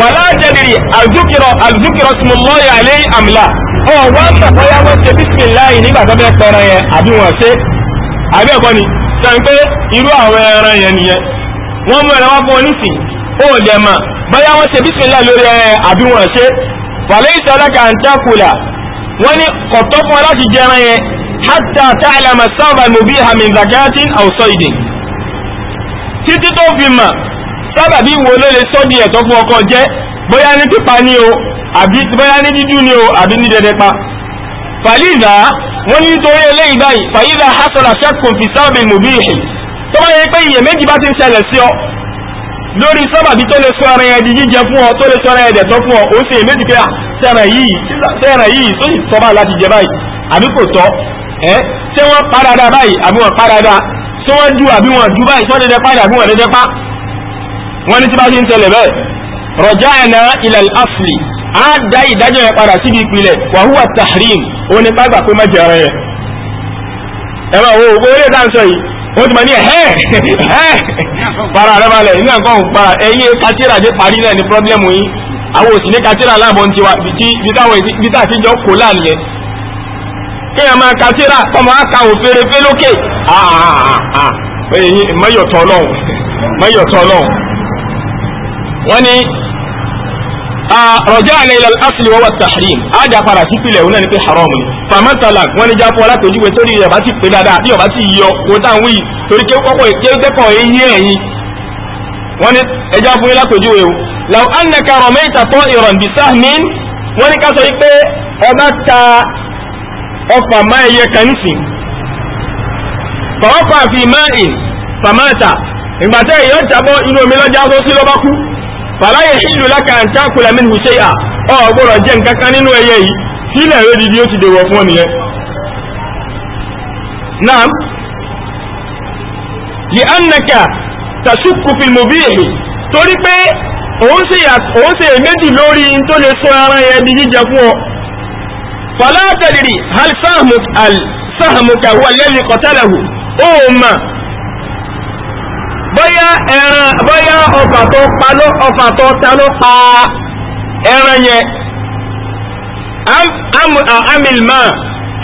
wàlá jẹ́dìrì ọ̀ wá ń bọ̀ bóyá wọ́n ṣe bísímìláì nígbà tó fẹ́ pẹran yẹn àbí wọ́n ṣe àbí ẹ̀kọ́ ni sẹ́yìn pé irú àwọn ẹran yẹn nìyẹn wọ́n mú ẹran wá fún ọ nísìn ó dẹ̀ mà bóyá wọ́n ṣe bísímìláì lórí ẹ̀ àbí wọ́n ṣe wàlẹ́ ìsọ̀lẹ́kà ń tákùlà wọ́n ní kọ̀tọ́ fún ọ láti jẹ ẹran yẹn hátà táìlàmà sábà nùbí hamin zakatin àwùsọ ìdè títí tó fi mà sábà bí wo ló lè sọ́ di ẹ̀tọ́ fún ọkọ jẹ́ bóyá ní pípa ní o àbí bóyá ní dídú ni o àbí ní dẹdẹ pa fàlíìdá wọ́n ní nítorí eléyìí báyìí fàyídà hasọ̀lá ṣẹ́kùn fi sábàbí mùbíhì tó bá yẹ pé iyè méjì bá ti ń ṣẹlẹ̀ sí ọ lórí sábàbí tó lè sọ ara yẹn di jíjẹ fún ọ tó lè sọ ara yẹn dẹ̀tọ́ fún ọ ó sì yè méjì pé à sẹ́ran yìí sẹ́ran yìí tó sì tọ́ báyìí láti jẹ báyìí àbí kò tọ́ ẹ́ ṣé wọ́n parada báyìí àbí wọ́n parada ṣé wọ́n ju àbí wọ́n ju báyìí ṣé wọ́n dẹ́dẹ́ padà wọ́n dẹ́dẹ́ pa wọ́n ní tí bá ti ń ṣẹlẹ̀ bẹ́ẹ̀ rọ̀já ẹ̀nà ilẹ̀ asli á dá ìdájọ́ yẹn padà síbi ìpìlẹ̀ wàhúwà tahrim òun ni pàgbà pé má jẹ ọ̀rẹ́ rẹ̀ ẹ máa wo owó eré tá à ń sọ yìí wọ́n ti máa ní ẹ̀hẹ́ ẹ̀hẹ́ para rẹ̀ balẹ̀ nígbà kan ò para ẹ̀yìn katira dé parí náà ní pọ́blẹ́mù yìí àwọn òsì ní katira láàbọ̀ ní tiwa bí tá àtijọ́ kò láàyè kí ẹ máa katira ọmọ aka òfèrèfé lókè ẹ̀yìn mẹ́yọ̀tọ̀ ọlọ́run mẹ́yọ̀tọ̀ ọlọ́run wọ́n ní rọjá ilal asli wa huwa tahrim á dà padà sí pilẹ̀ òun náà ni pé haram ni fàmẹ́tàlà wọn ní jáfọ́ látòjúwe torí rẹ̀ bá ti pè dáadáa bí ọba ti yọ kó táwọn wí torí ké kọ́kọ́ kéékọ́ eyín ẹ̀yìn wọn ní ẹja fún yín látòjúwe o law annaka ramaita ta'iran bisahmin wọn ní ká sọ pé ọba ta ọfà máa yẹ kàn sí fi máa ìn fàmáta ìgbà fàlá yahillu laka an ta'kula minhu shay'a ọ gbọ́dọ̀ jẹ nǹkan kan nínú ẹyẹ yìí sílẹ̀ rẹ dídí ó ti dèwọ̀ fún ọ nìyẹn. naam li annaka tashukku fil mubihi torí pé òun ṣe èméjì lórí tó lè sọ ara yẹn di jíjẹ fún ọ. fàlá tadri hal sahmuka huwa alladhi ó mà bóyá ẹran bóyá ọfà tó pa ló ọfà tó ta ló pa ẹran yẹn amilma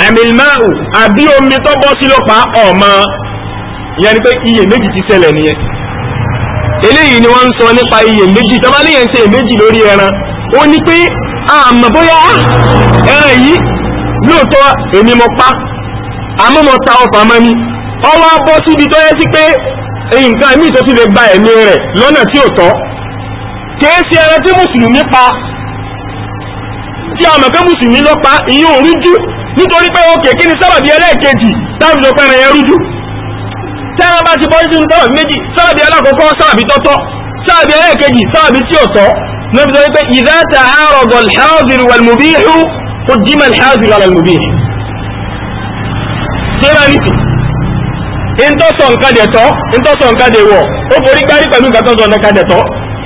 amilmau àbí omi tó bọ́ sí ló pa ọ̀mọ ìyẹn ni pé iye méjì ti ṣẹlẹ̀ nìyẹn eléyìí ni wọ́n ń sọ nípa iye méjì tọ́ba léyìn ṣe méjì lórí ẹran ó ní pé àmọ́ bóyá ẹran yìí lóòótọ́ èmi mo pa àmọ́ mo ta ọfà mọ́ ni ọwọ́ bọ́ síbi tó yẹ sí pé nǹkan míì tó tún lè gba ẹ̀mí rẹ̀ lọ́nà tí ò tọ́ kìí ṣe ẹran tí mùsùlùmí pa tí a mọ̀ pé mùsùlùmí ló pa ìyẹn ò rújú nítorí pé òkè kí ni sábàbí ẹlẹ́ẹ̀kejì táàbí lọ pẹ́ran yẹn rújú tí a bá ti bọ́ sínú sábàbí méjì sábàbí alákọ̀ọ́kọ́ sábàbí tọ́tọ́ sábàbí ẹlẹ́ẹ̀kejì sábàbí tí ò tọ́ níbi tó pé ìdá ta'arada al-hadir wal-mubih ntọ́sọ̀ nǹkan dẹ̀tọ́ ntọ́sọ̀ nǹkan dẹ̀wọ̀ ó forí gbárí pẹ̀lú nǹkan tọ́sọ̀ nǹkan dẹ̀tọ́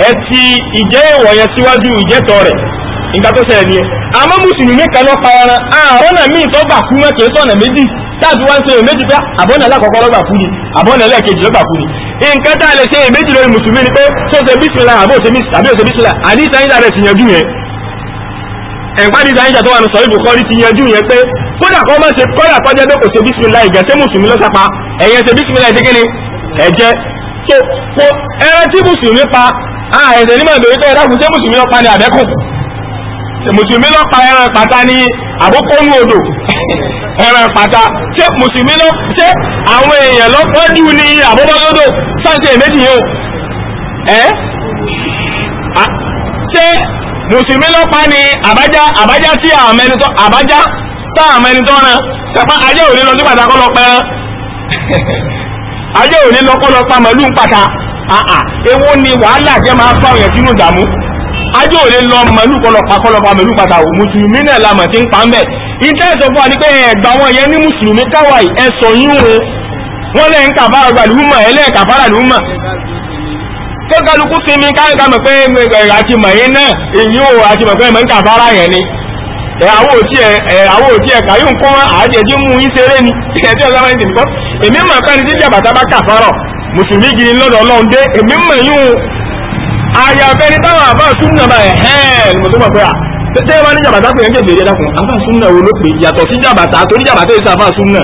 ẹ ti ìjẹ́ ìwọ̀ yẹn síwájú ìjẹ́tọ̀ rẹ̀ nǹkan tó ṣẹlẹ̀ nìyẹn àmọ́ mùsùlùmí kan lọ́ pa ara àárọ̀ náà míì tó gbà kú mọ́ kìí sọ̀nà méjì táàbí wá ń ṣe èméjì pé àbọ̀nà alákọ̀ọ́kọ́ lọ́gbà kú ni àbọ̀nà ẹlẹ́ẹ̀kejì lọ́gbà kú ni nǹkan tá a lè ṣe èméjì lórí mùsùlùmí ni pé tó ṣe bísílà àbí òṣèbísílà àdìsáyìn lára ẹ̀sìn yanjú yẹn ẹ̀ǹpáàdì ìdáyíjà tó wà ní sọ̀rọ̀ ìbùkọ́rí ti yanjú yẹn pé kódà kọ́ máa ṣe kọ́dà kọjá pé kò ṣe bísímìlá ìjà tẹ́ mùsùlùmí lọ́sàpá ẹ̀yẹn ṣe bísímìlá ìdíkíni ẹ̀jẹ̀ so po ẹran tí mùsùlùmí pa àìsàn nímọ̀ ìbèrè pé ẹ̀dá kù ṣé mùsùlùmí lọ́pa ni àbẹ́kù mùsùlùmí lọ́pa ẹran pàtà ní àbókónú odò ẹran pàtà ṣé mùsùlùmí lọ ṣé àwọn èèyàn lọ́pọ̀ jù ní àbóbọ́lódò sáǹtì èméjì yìí o ẹ́ ṣé mùsùlùmí ló pa ni àbájá àbájá tí àmẹnitọ́ àbájá tá àmẹnitọ́ ran tẹ̀pá ajé òní lọ nígbàtà kọ́ lọ pẹ́ [LAUGHS] ajé òní lọ kọ́ lọ pa màlúù ń pàtà àà ewu ni wàhálà jẹ́ máa bá òyìn sínú ìdààmú ajé òní lọ màlúù kọ́ lọ pa kọ́ lọ pa màlúù pàtà ò mùsùlùmí náà la mọ̀ tí ń pa ń bẹ̀ ìtẹ́ ẹ̀sọ́ wa ni pé ẹ̀gbà wọn yẹn ní mùsùlùmí káwáì ẹ̀sọ̀ yín o wọ́n lẹ́ ń kàfàrà gbàlúùmọ̀ ẹ̀lẹ́ kàfàrà lùmọ̀ tó kálukú sinmi káyọ̀ ká mọ̀ pé àti mọ̀yín náà èyí ò àti mọ̀ pé mọ̀ ń kà fara yẹn ni àwọn òtí ẹ àwọn òtí ẹ kàyó ń kó wọn àájẹjẹ mú yín ṣeré ni ẹjẹ ọlọ́mọ ẹni tìǹkọ́ èmi mọ̀ pé ní títí àbàtà bá kà fọ́rọ̀ mùsùlùmí gidi lọ́dọ̀ ọlọ́run dé èmi mọ̀ yín o àyàfẹ́ni táwọn àbá súnmọ́ bá ẹ̀ hẹ́ẹ̀ ni mo tó mọ̀ pé à tẹ́yẹ ní jàbàtà pé ẹ̀ńkẹ́ bèrè dákun àfa súnà wo ló pè yàtọ̀ sí jàbàtà torí jàbàtà yìí sàfà súnà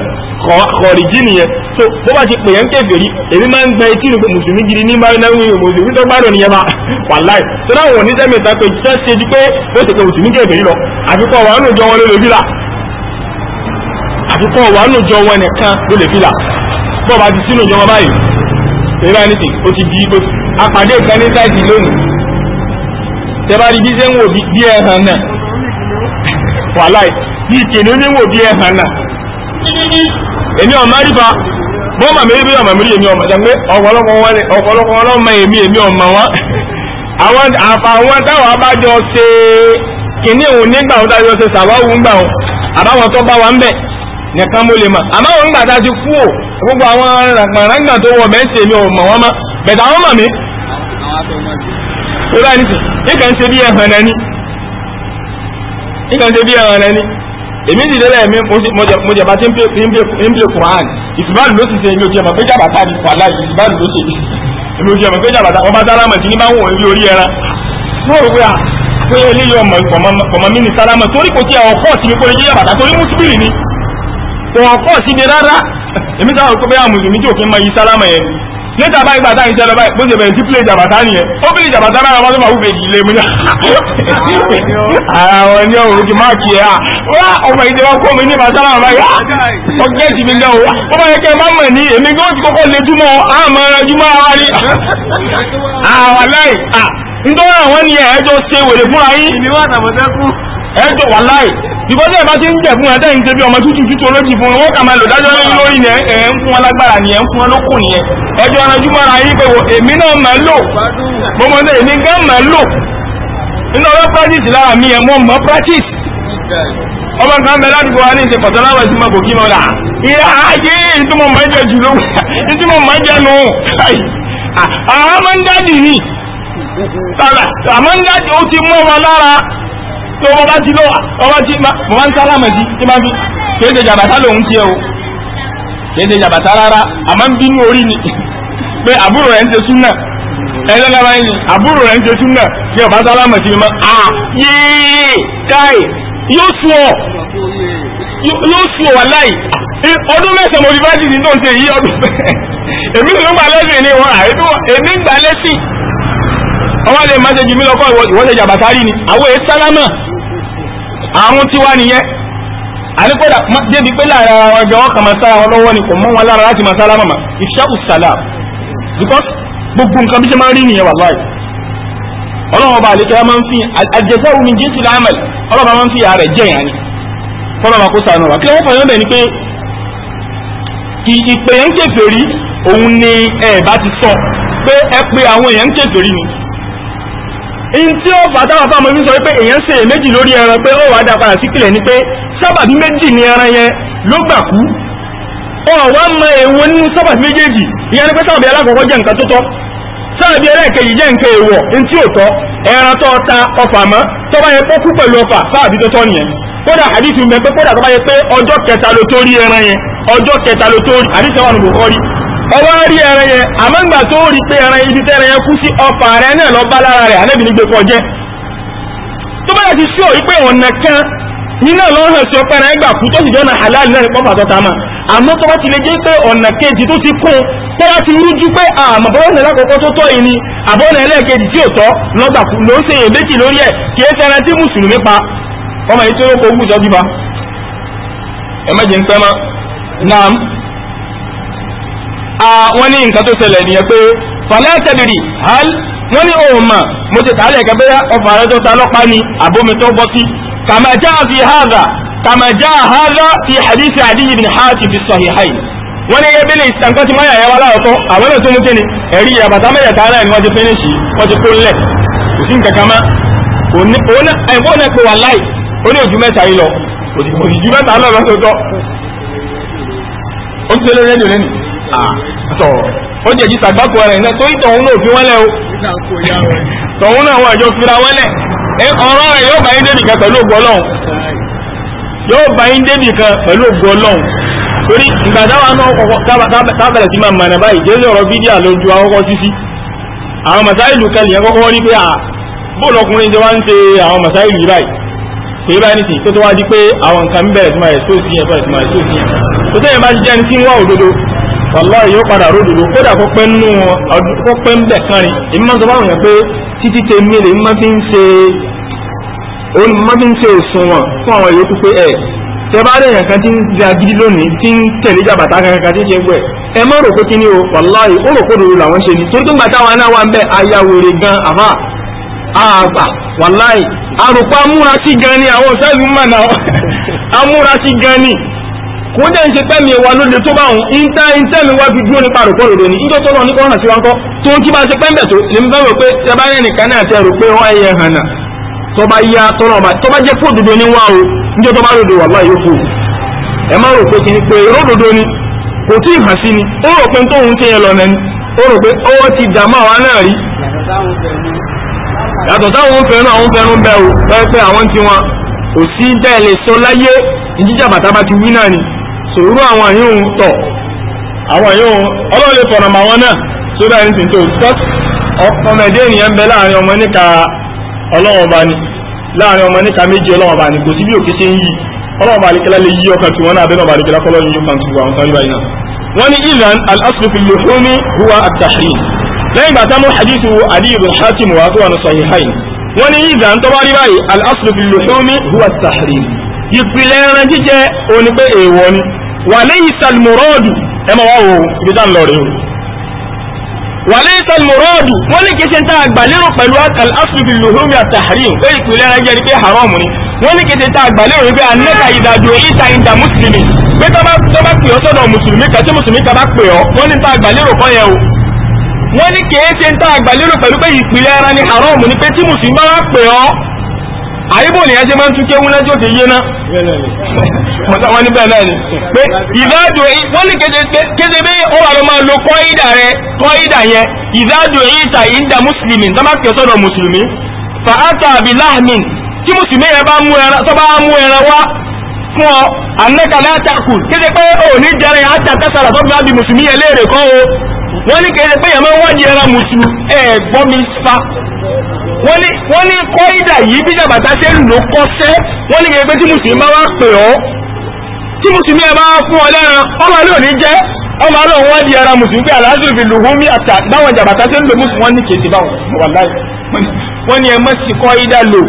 kọ̀ọ̀rìjì nìyẹn so bó bá ti pè yẹn kèfèrí èmi máa ń gba etí ni mùsùlùmí gidi ní máa ń mùsùlùmí tó gbádùn nìyẹn bá [LAUGHS] wàláì tó dáhùn òní sẹ́mi ìta pé jẹ́ ṣe ju pé ó ti pé mùsùlùmí kèfèrí lọ àfikún ọ̀wà nù jọ wọn ló lè fìlà àfikún ọ̀wà nù jọ wọn nìkan ló lè fìlà bọ́ọ̀ bá ti sínú ìjọba báyìí èmi bá ní ti di apàdé ìkànnì sáìtì lónìí tẹ́bárí bí ṣe ń wò bí ẹ̀hàn náà wàláì bí ìkèlè ó ní wò bí ẹ̀hàn náà èmi ọ̀ma rí ba bó màmí rí bí ọ̀mà mi rí èmi ọ̀mà jẹ́ ọ̀pọ̀lọpọ̀ wọn ni ọ̀pọ̀lọpọ̀ wọn lọ́mọ èmi èmi ọ̀mà wọn àwọn àfàwọn táwọn abájọ ṣe kìíní òun nígbà wọn tájọ ṣe sàwáwù ńgbà wọn àbáwọn tó bá wa ń bẹ̀ nìkan mo lè mọ̀ àmọ́ òun gbà tá a ti kú ò gbogbo àwọn ràgbàràgbà tó wọ̀ bẹ́ẹ̀ ṣe èmi ọ̀mà wọn mọ́ bẹ̀tà àwọn màmí. ó bá ní sè nǹkan ṣe bí ẹ̀hàn náà ni nǹkan ṣe bí ẹ̀hàn náà ni èmi ti délẹ̀ mi mo jẹba tí ń plé Quran ìsìbáàlù ló ti ṣe èmi ò jẹba pé jàbàtà ni wàhálà ìsìbáàlù ló ṣe èmi ò jẹba pé jàbàtà ọba sálámà ti ní bá wọn orí orí ẹran wọn rò pé à pé eléyìí ọmọ ọmọ mi ni sálámà torí kò tí ẹ ọkọ ti mi kó lè jẹ jàbàtà torí mùsùlùmí ni kò ọkọ ti di rárá èmi sábà pé bẹ́ẹ̀ àmùsùlùmí tí òfin máa yí sálámà yẹn níta báyìí gbàtà yìí tẹ́lẹ̀ báyìí bóṣe bẹ̀rẹ̀ sí pílẹ̀ jàbàtà nìyẹn ó pílẹ̀ jàbàtà náà wọ́n tó máa wúbe ìdílé mu náà. àwọn ẹni ọ̀rọ̀ kì máa kì í à wá ọmọ ìdí wa kó mi ní bàtà náà báyìí ọjọ́ ìdìbò gan o ó bá yẹ kẹ́ ẹ má mọ̀ ní èmi gan ti kọ́kọ́ lè túmọ̀ àmọ́ ẹjúmọ́ àwa rí. àwọn aláì ntọ́wọ́ àwọn ni ẹ̀ẹ́jọ́ ṣe wèrè fúnra yín ẹ̀ẹ́jọ́ wàláì ìbọ́dẹ̀ bá ti ń jẹ̀ fún ẹ̀dẹ́ ìṣe bí ọmọ tútù tútù olójì fún wọn kà máa lò dájọ́ lórí ní ẹ̀ ń fún wọn lágbára ní ẹ̀ ń fún wọn lókùn ní ẹ̀ ẹjọ́ ọ̀nàjú mọ́ra yí pé èmi náà máa lò gbogbo ní èmi gán máa lò nínú ọ̀rọ̀ practice lára mi ẹ̀ mọ́ mọ́ practice ọmọ nǹkan bẹ ládùúgbò wa ní ìṣe pọ̀tọ́ láwọn ẹ̀sìn mọ́ gòkì mọ́ra ìyá ayé ìtumọ̀ mọ́ ẹ̀jẹ̀ jù ló ìtumọ̀ mọ́ ẹ̀jẹ̀ nù àwọn ọmọ ń dájì tó wọ́n bá ti lọ ọwọ́ tí mo máa ń sálámà sí tí máa fi kìí ṣe jàbàtà lòun tiẹ̀ o kìí ṣe jàbàtà rárá àmọ́ ń bínú orí ni [LAUGHS] pé àbúrò rẹ̀ ń ṣe súnà ẹ̀rọ lára ẹni àbúrò rẹ̀ ń ṣe súnà ní ọ̀bá sálámà sí mọ́ a yéé káì yóò sùn ọ́ yóò sùn ọ́ wà láì ọdún mẹ́sàn-án mo rí bá dìde náà ṣe yí ọdún [LAUGHS] èmi ló ń gbà lẹ́sìn ni wọn àìdúró èmi ń gbà lẹ́sìn wọ́n lè má ṣe jù mí lọ́kọ́ ìwọ́n ṣe jàbàtárì ni àwọn èyí sálámà àrùn tiwa nìyẹn àníkọ́dà débi pé láàrin ara wọn jọ wọn kà máa sára wọn lọ́wọ́ ni kò mọ́ wọn lára láti máa sálámà mà ìfẹ́ ùsàlám because gbogbo nǹkan bí ṣe máa ń rí nìyẹn wà láì ọlọ́wọ́n bá àlejò máa ń fi àjẹsẹ́ omi jíǹsì láàmẹ̀lì ọlọ́wọ́n máa ń fi ìyá rẹ̀ jẹ́ ìyàní fọlọ́ máa kó sànù wá kí lọ́wọ́ fọyọ́ bẹ̀ ni pé ẹ pé àwọn èèyàn ń kèfèrí ni in tí ó fà táwọn afáàmọ́ fi sọ pé èèyàn ṣe èméjì lórí ẹran pé ó wàá dá padà sí kílẹ̀ ni pé sábàbí méjì ni ẹran yẹn ló gbà kú ọ̀wá mọ èwo nínú sábàbí méjèèjì ìyẹn ni pé sábàbí alákọ̀ọ́kọ́ jẹ́ nǹkan tó tọ́ sábàbí ẹlẹ́ẹ̀kejì jẹ́ nǹkan èèwọ̀ in tí ò tọ́ ẹran tó ta ọfà mọ́ tó bá yẹ kó kú pẹ̀lú ọfà sábàbí tó tọ́ nìyẹn kódà àdìsí ń bẹ pé kódà tó bá yẹ pé ọjọ́ kẹta ló tó ẹran yẹn ọjọ́ kẹta ló tó àdìsí wà nù bò kọ́ rí ọba rí ẹran yẹn àmọ́ngbà tó rí pé ẹran ibi tẹ́ran yẹn kú sí ọfà rẹ náà lọ bá lára rẹ ànábì nígbè kọ tó bá ti sí òyí pé ọ̀nà kan nínú ọ̀nà hàn sí ọpẹ́ ẹgbà kú tó sì jọ́nà náà ta mà àmọ́ tó bá ti lè jẹ́ pé ọ̀nà kejì tó ti kún tó ti rújú pé àmọ́ bọ́lá ọ̀nà lákòókò tó tọ́ yìí ni tí ò tọ́ lọ́gbà kú ló ń pa ọmọ Ah, wọ́n ní nǹkan tó ṣẹlẹ̀ nìyẹn pé fàlẹ́tẹ̀bìrì hal wọ́n ní òun oh, mà mo ti tààlẹ̀ gẹ́gẹ́ bẹ́yà ọfà àrẹ́jọ́ ta lọ́pàá ni àbómi tó bọ́ sí kàmájá fi hàzà kàmájá hàzà fi hadith àdíyí bin hàtì fi sahihayn wọ́n ní ẹbí lè sàǹkọ́ ti máyà yẹwà láàtọ́ àwọn ètò mú kíni ẹ̀rí ìyàbàtà mẹ́yàtà ara ni wọ́n ti fínísì wọ́n ti kó lẹ̀ kò sí nǹkan kan mọ́ ẹ̀gbọ́n náà pé wà láì tọ̀ ó jẹ́ jí sàgbákò rẹ̀ náà torí tọ̀hún náà fi wọ́lẹ̀ o tọ̀hún náà wọ́n àjọ fira ẹ ọrọ rẹ̀ yóò bá yín débì kan pẹ̀lú ògbó ọlọ́run yóò bá yín débì kan pẹ̀lú ògbó ọlọ́run torí ìgbà táwa náà máa báyìí fídíà lójú àwọn pé à bóòlù ọkùnrin wá ń ṣe àwọn wàláhì yóò padà ródòdó kódà kó pẹ́ nínú ọdún kó pẹ́ ń bẹ̀ kárin èmi máa ń sọ fáwọn èèyàn pé títí tẹ mí lè má fi ń ṣe má fi ń ṣe òṣùwọ̀n fún àwọn yòókù pé ẹ̀ tẹ bá rẹ̀ yàn kan tí ń di agídí lónìí tí ń tẹ̀lé jàbàtà kankan tí ń ṣe gbẹ̀ ẹ má rò pé kí ni o wàláhì ó rò kódòdó làwọn ṣe ni torí tó ń gbà táwọn náà wà ń bẹ̀ ayáwèrè gan àmà àgbà wàláhì àròpá múra sí gan ni àwọn ọ̀sẹ́ mọ̀ náà [LAUGHS] amúra gan ni kò ń jẹ́ ń ṣe pẹ́mi wa lóde tó bá òun ìntẹ́ ìntẹ́ mi wá fi dúró nípa àròkọ́ lòdò ní ìjọ tó nípa ọ̀nà sí tó ń kí bá ṣe pẹ́ńbẹ̀ tó lè ń pé ẹ bá rẹ̀ nìkan náà tẹ̀ rò pé wọ́n ẹyẹ hàn náà tó bá yá tọ́nà ọba jẹ́ fún òdodo ní o níjọ tó bá wà láyé fò ẹ má rò pé kí ni pé ródòdó ni kò tí ì hàn sí ni ó rò pé tóun ti yẹn lọ nẹni ó rò pé ó ti dààmú àwa náà rí yàtọ̀ táwọn ń fẹ́ràn àwọn ń fẹ́ràn bẹ́ẹ̀ o pẹ́ pé àwọn ti wọn kò sí bẹ́ẹ̀ lè sọ láyé ìjíjà bàtà bá ti wí náà ni sòwúrú àwọn yóò tọ̀ àwọn yóò ọlọ́run lè fọ̀nà mà wọn náà sódà ní tìǹtò scott ọmọ ẹ̀dẹ́ ènìyàn bẹ láàrin ọmọ níka ọlọ́run ọba ni láàrin ọmọ níka méjì ọlọ́run ọba ni kò sí bí òkè ṣe ń yí ọlọ́run ọba àlekẹ́lá lè yí ọkàn tiwọn náà abẹ́nà ọba àlekẹ́lá kọ́ lọ́yìn yóò kàn tiwọn àwọn sáré báyìí náà. wọ́n ní ilan al-aslufi luhumi huwa at-tahrim lẹ́yìn ìgbà táwọn hadithu ali ibn hatim wa tó wà ní sahihain wọ́n ní ilan tó bá rí báyìí al-aslufi luhumi huwa tahrim ìpìlẹ̀ ẹran jíjẹ òní èèwọ̀ ni walaysa al-muradu ẹ mọ̀ wá o ibi tá ń lọ rèé walaysa al-muradu wọ́n ní kìí ṣe tá a gbà lérò pẹ̀lú al-aslu bil-luhumi at-tahrim pé ìpìlẹ̀ ẹ̀jẹ̀ ni pé haram ni wọ́n ní kìí tá a gbà lérò pé anẹ́ka ìdájọ́ ìta ìdá mùsùlùmí pé tó bá pè ọ́ sọ́dọ̀ mùsùlùmí kan mùsùlùmí kan pè ọ́ wọ́n ní tá a gbà lérò kọ́ yẹn o wọ́n ní kìí ṣe ń tá àgbàlérò pẹ̀lú pé ìpìlẹ̀ ara ni haram ni pé tí mùsùlùmí bá wá pè ọ́ àyíbò nìyẹn ṣe máa ń tún kéwú lẹ́jọ́ òde yé ná mọ̀tá wọn níbẹ̀ náà ni pé ìdádò wọ́n ní kéde bí ó wà ló máa lo kọ́ídà rẹ kọ́ídà yẹn ìdádò ìta ìdá mùsùlùmí tó bá kẹ́ sọ́dọ̀ mùsùlùmí fàátà àbí láhmin tí mùsùlùmí yẹn bá mú ẹran tó bá mú ẹran wá fún ọ anẹ́kàlẹ́ àtàkù kéde pé ò ní jẹrẹ àtàkásàrà tó bá bí mùsùlùmí yẹn léèrè kọ́ o wọ́n ní kéde pé yẹmọ́ wọ́n di ẹran mùsùlùmí ẹ̀ gbọ́ mi fa wọ́n ní kọ́ídà yìí bí jàbàtà ṣe ń lò kọ́sẹ́ wọ́n ní kéde pé tí mùsùlùmí bá wá pè ọ́ tí mùsùlùmí ẹ bá fún ọ lẹ́ran ọmọ lóò ní jẹ́ ọmọ lóò wọ́n di ẹran mùsùlùmí pé àlàáfíà fi lù húmi àtà báwọn jàbàtà ṣe ń lo mùsùlùmí wọn ní kejì báwọn wọn ni ẹ mọ́ sí kọ́ ìdá lò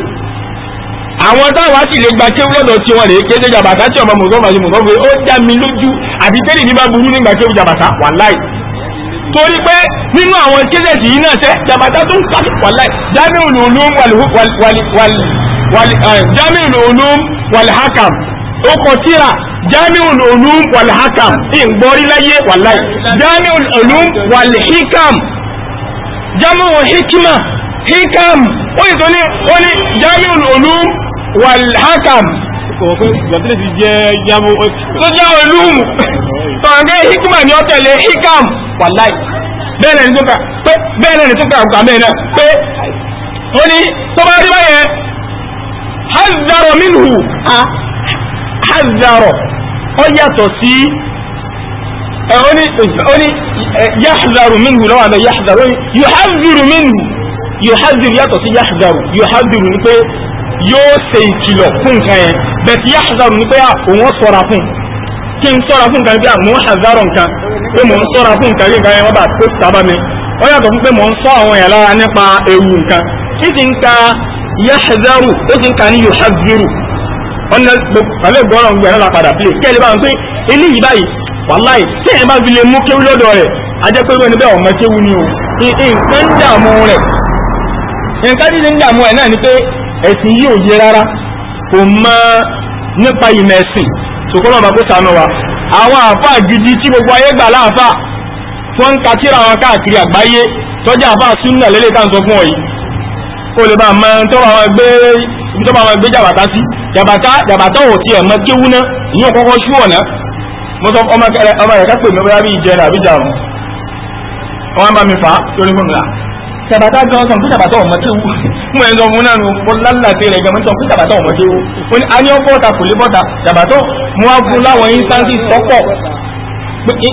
àwọn táwa sì lè gba kéwù lọ́dọ̀ tí wọ́n lè kéde jàbàtà tí ọmọ mùsùlùmí àti mùsùlùmí ó dá mi lójú àbí tẹ́lẹ̀ ní bá burú nígbà kéwù jàbàtà wàláì torí pé nínú àwọn kéjèèjì yìí náà ṣe jàbàtà tó ń kájú wàláì jamiu lòlùm wàlì wàlì wàlì eh, jamiu lòlùm wàlì hakam ó kọ tíra jamiul ulum wal hakam ìgbọ́rí láyé wàláì jamiul ulum wal hikam jamiul hikima hikam ó yìí tó ní ó ní jamiul ulum wal hakam tó jẹ́ ulum tọ̀ǹgẹ́ hikima ni ó tẹ̀lé hikam wàláì bẹ́ẹ̀ ni tó kà kà bẹ́ẹ̀ náà pé ó ní tó bá rí báyẹn hazara minhu hazaro ó yàtọ̀ sí oni yaxdaru minhu lọ́wọ́ àbẹ̀ yaxdaru yuhaziru minhu yuhaziru yàtọ̀ sí yaxdaru yuhaziru ni pé yóò ṣe ìkìlọ̀ fún nǹkan yẹn bẹ̀tì yaxdaru ni pé òun sọ̀ra fún kí n sọ̀ra fún nǹkan bí i mò ń hazaro nǹkan pé mò ń sọ̀ra fún nǹkan yẹn kan wọ́n bá tó sábà mi ó yàtọ̀ fún pé mò ń sọ àwọn yẹn lára nípa ewu nǹkan kí ti ń ka yaxdaru ó ti ń ka ní yuhaziru ọ̀nà pẹ̀lú ìgbọ́ràn gbogbo ẹ̀rọ padà play kẹ́lẹ́ bá ń pín eléyìí báyìí wàláì tí ẹ̀ bá fi lè mú kéwú lọ́dọ̀ rẹ̀ ajẹ́ pé wọ́n ní bẹ́ẹ̀ ọmọ kéwú ni o nǹkan ń dààmú rẹ̀ nǹkan dídí ń dààmú rẹ̀ náà ni pé ẹ̀sìn yìí ò yé rárá kò mọ nípa ìmọ̀ ẹ̀sìn ṣùgbọ́n bàbá kó sànù wa àwọn àfa gidi tí gbogbo ayé gbà láàfà tó ń ka tíra wọn káàkiri àgbáyé tọ́jà àfa súnà lélẹ́ta ń sọ fún ọ yìí ó lè bá a mọ tó bá wọn gbé jàbàtà sí jàbàtà jàbàtà ò tiẹ̀ mọ kéwú ná ìyẹn kọ́kọ́ ṣú ọ̀nà mo sọ ọmọ kẹrẹ ọmọ rẹ kápẹ́ mi bóyá bí ìjẹrẹ àbí jàrún ọmọ bá mi fà á lórí fún mi là jàbàtà gan sọ fún jàbàtà ọmọ kéwú mo ẹ̀ sọ fún náà nu mo lálàtì rẹ̀ gan mo sọ fún jàbàtà ọmọ kéwú mo ní a ọkọ ọ̀tà kò lé bọ́ta jàbàtà mo wá fún láwọn instanti tọ́pọ̀ wọ́n tí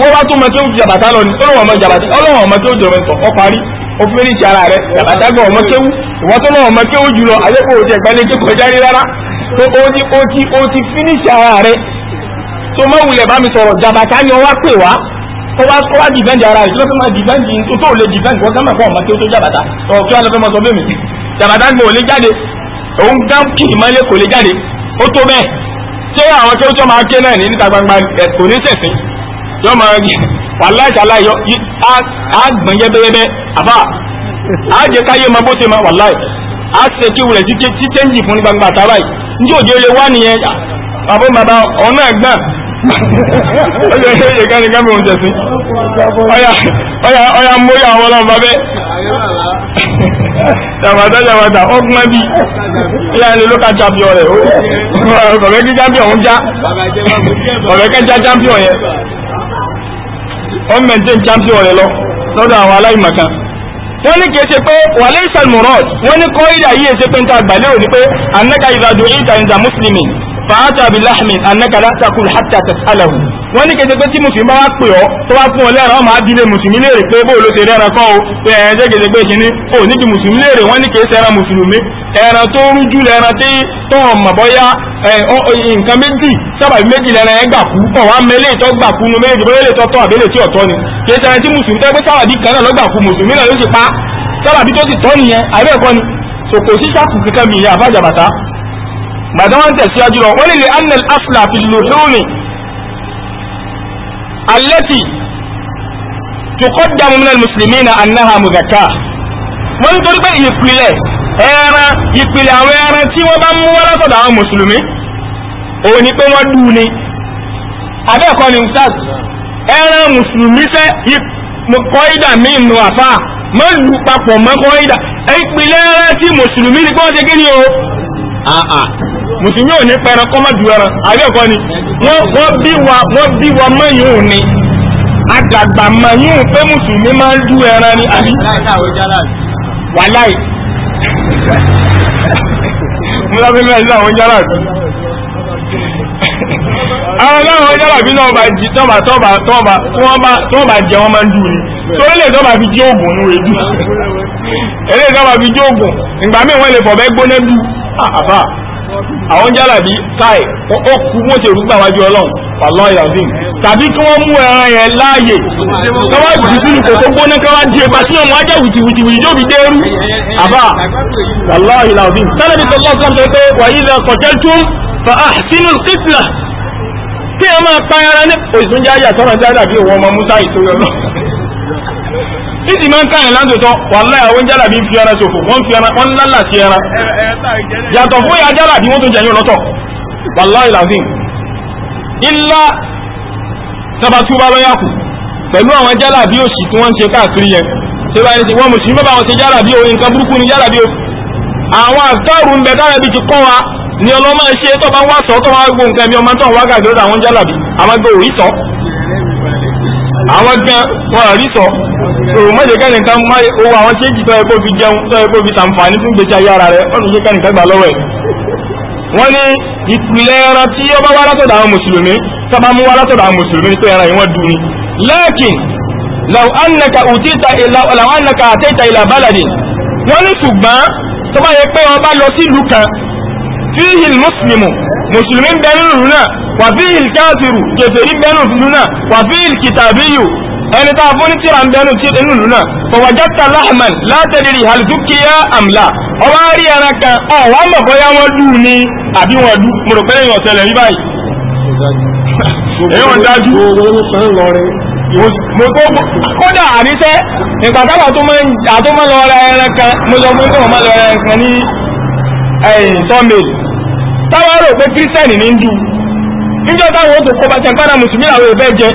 wọ́n tó mọ kéwú jàbàtà lọ ọmọ kéwú ó fi méjì ara rẹ̀ àtàgbà ọmọ kéwú ìwọ́n náà ọmọ kéwú jùlọ àyẹ̀kọ́ òjì ẹ̀gbẹ́lẹ́ ké kọjá rí rárá tó o ti o ti o ti fínísì ara rẹ̀ tó má wulẹ̀ bá mi sọ̀rọ̀ jàbàtà ni wọ́n wá pè wá tó bá tó wá dìbẹ́ǹdì ara rẹ̀ tó fẹ́ máa dìbẹ́ǹdì tó tó lè dìbẹ́ǹdì wọ́n gámà fún ọmọ kéwú tó jàbàtà ọ̀ kí wọ́n lọ fẹ́ máa sọ bẹ́ẹ̀ mi jàbàtà ni ò lè jáde òun gán kì í mọ́lé kò lè jáde ó tó bẹ́ẹ̀ ṣé àwọn kéwú tó máa ké náà ní níta gbangba kò ní sẹ̀sìn yọ máa wàláì tàlá yọ àgbọn yẹbẹyẹbẹ àbá àjẹ káyé ma bó ṣe ma wàláì a ṣe kí wulẹ̀ sí kí chẹ́ǹjì fún gbangba àtàrà yìí njẹ́ òjò lè wá nìyẹn àbó bàbá ọ̀nà ẹ̀gbọ́n [LAUGHS] ọjọ́ ṣe ṣe kán ní kámi òun tẹ̀sí ọyà ọyà ọyà mórí àwọn ọlọ́run bàbẹ́ jàmàtà jàmàtà ọgbọ́n bí ilé ẹni ló ká champion rẹ̀ ọ̀rẹ́ [LAUGHS] kí champion ń já ọ̀rẹ́ kẹjá champion wọ́n maintain champion rẹ̀ lọ lọ́dọ̀ àwọn aláìmọ̀kan wọ́n ní kìí ṣe pé wàlẹ́ ìsàlmùrọ́d wọ́n ní kọ́ ìdá yìí ṣe pé ń ta àgbàlérò ní pé anaka ìdádùn ìta mùsùlùmí fàáta bí láhmin annaka látàkù hàtà tàtàlàhù wọ́n ní kẹsẹ̀ pé tí mùsùlùmí bá pè ọ́ tó bá fún ọ lẹ́ran ọmọ abílẹ̀ mùsùlùmí léèrè pé bó ló ṣe rẹ́ran kọ́ o pé ẹ̀rẹ́ jẹ́ kẹsẹ̀ pé kìíní ò ní kí mùsùlùmí léèrè wọ́n ní kẹsẹ̀ ẹran mùsùlùmí ẹran tó rújú lẹ́ran tí tó hàn nǹkan méjì sábàbí méjì lẹ́ran ẹ̀ gbà kú ọ̀ wá mẹ́lẹ̀ tó gbà kú nu méjì bọ́lẹ̀ tó tọ́ tọ́ gbàdá wọn tẹ̀síwájú lọ wọ́n lè anna al-asla fi luhumi allati tuqaddamu min al-muslimina annaha muzakka wọ́n ń torí pé ìpìlẹ̀ ẹran ìpìlẹ̀ àwọn ẹran tí wọ́n bá mú wá látọ̀dọ̀ àwọn mùsùlùmí òun ni pé wọ́n dú ni abẹ́ẹ̀kọ́ ni ustaz ẹran mùsùlùmí fẹ́ kọ́ídà míì nù àfà mọ́ lù papọ̀ mọ́ kọ́ídà ìpìlẹ̀ ẹran tí mùsùlùmí ni pé wọ́n ti kí ni o mùsùlùmí ò ní pẹran kọ́ má ju ẹran àríọ̀kọ́ ni wọ́n bí wa wọ́n bí wa mọ́yìn ò ní àdàgbà mọ́yìn ò pé mùsùlùmí máa ń du ẹran ni àbí wàláì múlábí náà sí àwọn jálà bí àwọn láwọn jálà bí náà bá jí tọ́ba tọ́ba tọ́ba tí wọ́n bá jẹ wọ́n máa ń dùn ni torí lè tọ́ba fi jí oògùn ní wèédú eré tọ́ba fi jí oògùn ìgbà míì wọ́n lè fọ̀bẹ́ gbóná dù ah, àbá àwọn jálàbí káì ó kú wọ́n ṣe rúgbà wájú ọlọ́run pàlọ́ ìyàbí tàbí kí wọ́n mú ẹran yẹn láàyè káwá jù sínú kòkó gbóná káwá di ẹgbà tí wọn ajá wìtìwìtìwìtì yóò fi dé rú àbá pàlọ́ ìyàbí sẹ́lẹ̀bí sọlọ́ sọ́n pé wàyí lọ kọ̀jẹ́ tún fa àṣínú kíkìlà kí ẹ máa pa ẹran ní òṣùnjáyà sọ́nà jáde àbí òun ọmọ musa ìtòyọ́ náà ìdí máa ń káyàn láǹtòtọ́ wàláhì àwọn jálàbí ń fi ara ṣòfò wọ́n fi ara wọ́n lálà sí ara yàtọ̀ fún ìyá jálàbí wọ́n tó jẹ̀yìn lọ́tọ̀ wàláhì làzim illa tabatuba lọ́yà kù pẹ̀lú àwọn jálàbí òsì tí wọ́n ń ṣe káàkiri yẹn ṣé báyìí ṣe wọ́n mùsùlùmí bá wọn ṣe jálàbí o nǹkan burúkú ni jálàbí o àwọn àtàrù ń bẹ dárabi ti kọ́ wa ni ọlọ́mọ ṣe òun mọ̀jẹ̀ kẹ́nìkan owó àwọn kéèkì tọ́ ẹ̀kọ́ fi jẹun tọ́ ẹ̀kọ́ fi tàǹfààní fún gbèsè ayé ara rẹ̀ ọ̀nà jẹ́ kẹ́nìkan gbà lọ́wọ́ ẹ̀. wọ́n ní ìpìlẹ̀ ẹran tí ó bá wá látọ̀dọ̀ àwọn mùsùlùmí sábà mú wá látọ̀dọ̀ àwọn mùsùlùmí pé ẹran ìwọ́n dùn ni. lẹ́ẹ̀kìn làwọn ànàkà àtẹ́ta ìlà bálàdì wọ́n ní ṣùgbọ́n tó bá yẹ pé wọ́n bá lọ sílùú kan fíhìl mùsùlùmù mùsùlùmí bẹ́ẹ̀ nínú náà wà fíhìl káàfìrù kèfèrí bẹ́ẹ̀ nínú náà wà fíhìl kìtàbíyù ẹni tá a fún ní tíra ń bẹnu tí inú ìlú náà fọwọ́jọ́ta lahman látẹ̀lẹ́rì halidukiya amla ọwọ́ rí ẹran kan ọ̀wọ́ mọ̀ bóyá wọ́n lù ní àbí wọ́n lù mo rò pé èèyàn ọ̀tẹlẹ̀ rí báyìí. èèyàn dájú mo tó kódà àníṣẹ́ nípa sábà tó máa ń lọ ra ẹran kan mo sọ fún kí wọ́n máa lọ ra ẹran kan ní sọ́mẹ̀lì táwọn rò pé kírísítẹ́nì ní ń dù níjọ́ táwọn ó tó kó bá tẹ̀ ń pàdà mùsùlùmí àwọn jẹ́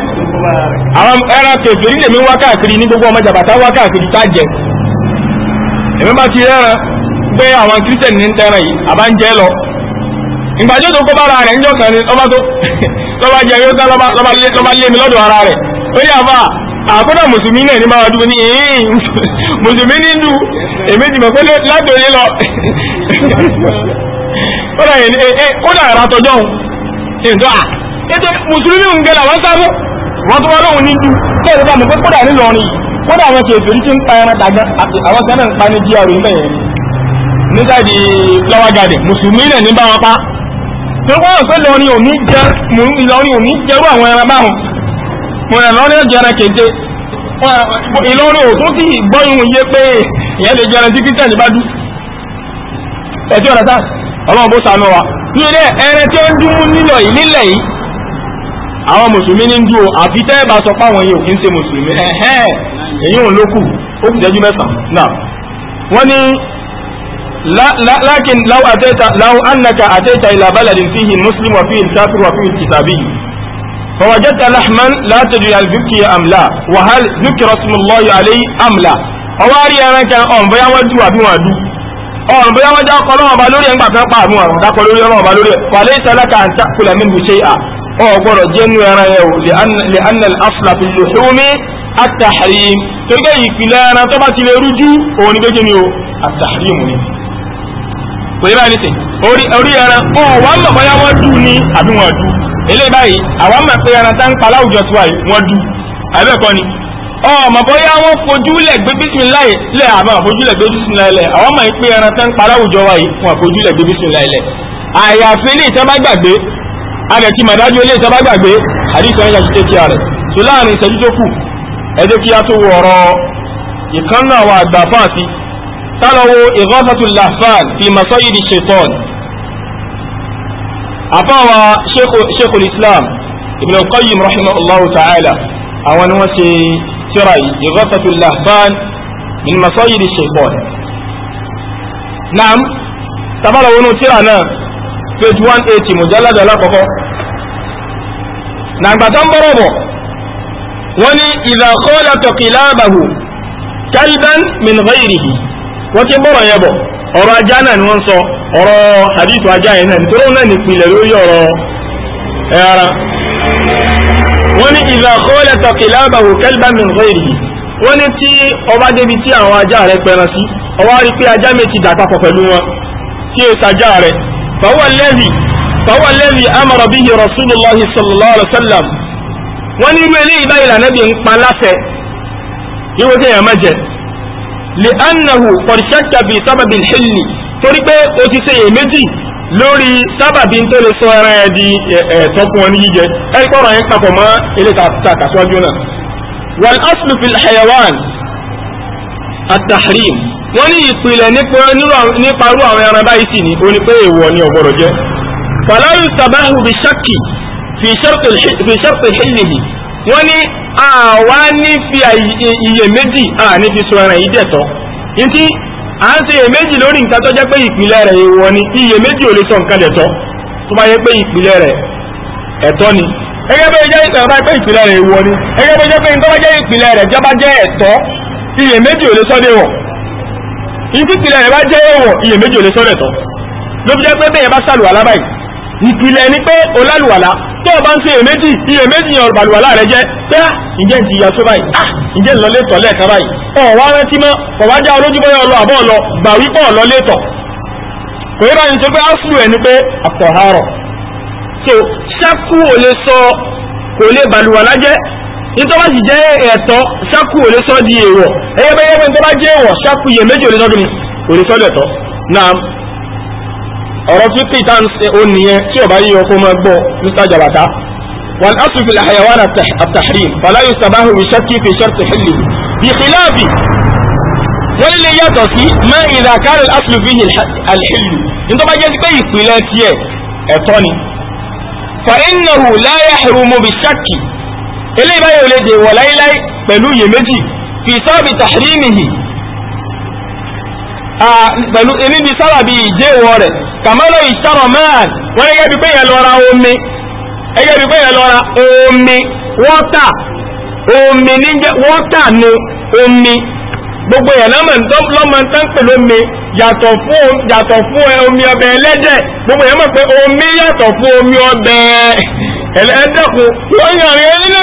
àwọn ẹran kèfèrí lèmi wá káàkiri ní gbogbo ọmọ jàbàtà wá káàkiri tá jẹ bá ti rẹ́ran pé àwọn kírísítẹ̀nì ní tẹ́ran yìí àbá ń jẹ́ lọ ìgbàjọ́ tó kó bára rẹ̀ ń jọ́sàn ni lọ́ba tó lọ́ba yóò tán lọ́ba lé mi lọ́dọ̀ ara rẹ̀ ó ní àfa àkúnà mùsùlùmí náà ní máa dúró ní mùsùlùmí ní dù èmi ti mọ̀ pé lọ à ètò mùsùlùmí ń wọ́n tó wọ́n lóhun níjú kí ẹ̀rọ bá mọ̀ pé kódà nílọrin kódà àwọn kèèfì orí tí ń pa ẹran dàgbà àti àwọn gánà ń pa ní gr níbẹ̀ yẹn nígbàdí flower garden mùsùlùmí náà ní bá wọn pa tó wọ́n pé lọrin ò ní jẹ́ ìlọrin ò ní jẹ́rú àwọn ẹran báwọn mo rẹ̀ lọ́rin ó jẹran kéje ìlọrin ò tó sì gbọ́ ìhun yé pé ìyẹn lè jẹran tí kíkẹ́ ìbádú ẹ̀jọ́ rẹ̀ sá ọlọ́run bó sànú wa ní ilé ẹran tí ó ń dúnmú nílọ̀ yìí nílẹ̀ yìí àwọn mùsùlùmí ní ń dúró àfi tẹ́ ẹ bá sọ pé àwọn yìí ò kí ń ṣe mùsùlùmí ẹ̀hẹ́n èyí òun ló kù ó kù jẹ́jú mẹ́sàn-án náà wọ́n ní lakin law ateta law annaka ateta ila baladin fihi muslim wa fihi kafir wa fihi kitabi fawajadta lahman la tadri al bukki am la wa hal dhikra ismullahi alayhi am la awari yaran kan on bóyá wadu abi wadu ọ̀rùn bóyá wọ́n já ọkọ̀ lọ́wọ́ ọba lórí ẹ̀ ń gbà kan pa àmú ọ̀rùn dákọ̀ lórí ọlọ́wọ́ ọba lórí ẹ̀ wà lẹ́yìn sẹ́lẹ̀kà tàkùlẹ̀ mímu ṣe à ọ gbọ́dọ̀ jẹ́ nínú ẹran yẹn o lè anna al-asla fi luhumi at-tahrim torí pé ìpìlẹ̀ ẹran tó bá ti lè rújú òun ni pé kí ni o at-tahrim ni kò yẹ báyìí nìsín orí ẹran ọ wà á mọ̀ bóyá wọ́n dù ní àbí wọ́n dù eléyìí báyìí àwa mọ̀ pé ẹran tá ń pa láwùjọ tiwa yìí wọ́n dù àbẹ́ẹ̀kọ́ ni ọmọ bóyá wọn fojú lẹ gbé bísímìláì lẹ àmọ́ fojú lẹ gbé bísímìláì lẹ àwọn ọmọ yìí pé ẹran tán para wa yìí fún àfojú lẹ gbé bísímìláì lẹ àyàfi ní ìtàn bá gbàgbé adẹ̀tí màdájú ilé ìtọ́ bá gbàgbé àdìsí ọ̀nà ìjàṣí tẹ́kí rẹ̀ tó láàrin ìṣẹ́jú tó kù ẹ jẹ́ kí a tó wọ̀rọ̀ ìkànnà àwọn àgbà fáàtì tálọ́wọ́ ìgọ́sàtù làfáàn fi masayidi shaitan àfáwà sheikhul islam ibn qayyim rahimahullahu ta'ala àwọn ni wọ́n ṣe tíra yìí ìgọ́sàtù làfáàn min masayidi shaitan naam tabalawo nù tíra náà page one eighty mujalladu alakọ̀kọ́ nàgbàtà ń bọ̀rọ̀ bọ̀ wọ́n ní idha khalata kilabahu kalban min ghayrihi wọ́n ti bọ̀rọ̀ yẹn bọ̀ ọ̀rọ̀ ajá náà ni wọ́n sọ ọ̀rọ̀ hadith ajá yẹn náà nítorí wọn náà ní ìpìlẹ̀ lórí ara wọ́n ní idha khalata kilabahu kalban min ghayrihi wọ́n ní tí ọba débi tí àwọn ajá rẹ̀ pẹran sí ọwọ́ rí pé ajá méjì dà papọ̀ pẹ̀lú wọn tí ó sajá rẹ̀ فهو الذي فهو الذي أمر به رسول الله صلى الله عليه وسلم wọ́n ní irú eléyìí báyìí là nàbí ń pa láfẹ̀ yíwọ́ kéèyàn má jẹ lè anahu kọ̀díṣẹ́kà bíi sábàbí hìlì torí pé o ti ṣe èméjì lórí sábàbí tó lè sọ ẹran ẹ di ẹ̀ẹ́tọ́ fún wọn ní jíjẹ ẹ̀rí kọ́ra yẹn papọ̀ mọ́ eléyìí tá a kà síwájú náà wal aslu fil hayawan at-tahrim wọ́n ní ìpìlẹ̀ nípa irú àwọn ẹran báyìí sì ni ó ní pé èèwọ̀ ni ọ̀gbọ́dọ̀ jẹ́ fàlàyé sàbáhù bí ṣákì fi ṣẹ́pẹ̀ ṣẹ́yìnì wọ́n ní àwa ní fi iyèméjì àní fi sọ ẹran yìí dẹ̀tọ́ ní tí à ń ṣe iyèméjì lórí nǹkan tó jẹ́ pé ìpìlẹ̀ rẹ̀ èèwọ̀ ni iyèméjì ò lè sọ nǹkan dẹ̀tọ́ tó bá yẹ pé ìpìlẹ̀ rẹ̀ ẹ̀tọ́ ni gẹ́gẹ́ bó jẹ́ ìtàn bá pé ìpìlẹ̀ rẹ̀ èèwọ̀ ni gẹ́gẹ́ bó jẹ́ pé ìtọ́ bá jẹ́ ìpìlẹ̀ rẹ̀ jọba ìtìpìlẹ̀ rẹ̀ bá jẹ́ èèwọ̀ iye méjì ò lè sọ́rẹ̀ tán ló fi jẹ́ pé bẹ́ẹ̀ bá sàlùwàlá báyìí ìpìlẹ̀ ni pé olálùwàlá tó o bá ń ṣe èméjì iye méjì yẹn ọ̀bàlùwàlá rẹ̀ jẹ́ pé à ah, ǹjẹ́ ti yà tó báyìí à ah, ǹjẹ́ lọ létọ̀ lẹ́ẹ̀kan báyìí ọ̀wá rántí mọ́ ọ̀wá já olójúbọ́yọ̀ ọlọ àbọ̀ ọlọ gbà wípọ̀ ọlọ létọ̀ kò yẹ báyìí ń sọ pé áṣùlù ẹ̀ ni pé àtọ̀hárọ̀ so ṣákú ò lè sọ kò lè bàlùwàlá jẹ́ nítorí bá sì jẹ́ ẹ̀tọ́ ṣákù ò lè sọ di èèwọ̀ ẹyẹ bẹ́ẹ̀ bẹ́ẹ̀ tó bá jẹ́ èèwọ̀ ṣákù yẹ méjì ò lè sọ kí ni ò lè sọ dẹ̀tọ́ náà ọ̀rọ̀ tí peter ń ṣe ó nìyẹn tí ọba yíyọ kó máa gbọ́ mr jabata wọn á tún fi àyàwó àtàrí fàlàyé sàbáhù ìṣẹ́kì fi ṣẹ́kì hìlì ìfìlàbì wọ́n lè yàtọ̀ sí mọ́ ìdàkárẹ̀ asùlùfihìn alhìlù nítorí jẹ́ pé ìpìlẹ̀ tiẹ̀ ẹ̀tọ́ ni fa innahu la yahrumu bi shakki eléyìí báyìí ò lè dèwọ̀ láíláí pẹ̀lú iyèméjì fi sábàbí tahrimihi pẹ̀lú níbi sábàbí ìjẹ́wọ̀ rẹ̀ kàmọ́lọ́ ìṣàrọ̀ mẹ́rin wọ́n gẹ́gẹ́ bí pé yẹn lọ ra omi gẹ́gẹ́ bí pé yẹn lọ ra omi wọ́tà omi níjẹ́ wọ́tà ni omi gbogbo yẹn lọ́mọ tán pẹ̀lú omi yàtọ̀ fún yàtọ̀ fún omi ọbẹ̀ ẹlẹ́dẹ̀ gbogbo yẹn mọ̀ pé omi yàtọ̀ fún omi ọbẹ̀ ẹlẹ́dẹ̀kùn wọ́n yàn rí nínú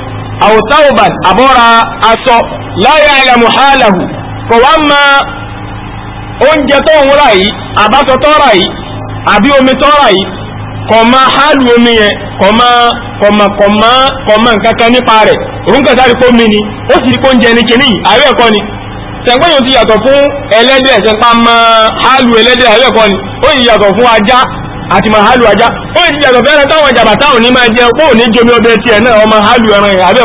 àwòtáwòbàn àbọ́ra aṣọ láyà ilẹ̀ muhalahu kò wá ma oúnjẹ tó ń rà yìí àbáṣọ tó rà yìí àbí omi tó rà yìí kò ma hálù omi yẹn kò ma kò ma kò ma kò ma nǹkan kan nípa rẹ̀ òrùnkà sáré kó mi ni ó sì kó oúnjẹ ní kìíní àárẹ̀ ẹ̀kọ́ ni sẹ̀gbẹ́yìn ti yàtọ̀ fún ẹlẹ́dẹ̀ sẹ́pá ma hálù ẹlẹ́dẹ̀ àárẹ̀ ẹ̀kọ́ ni ó sì yàtọ̀ fún ajá àti máa hálù ajá ó ti jàgbà fẹ́ràn táwọn ìjàmbá táwọn ní máa jẹ pé òní jomi ọbẹ̀ tiẹ̀ náà ọmọ hálù ẹran ni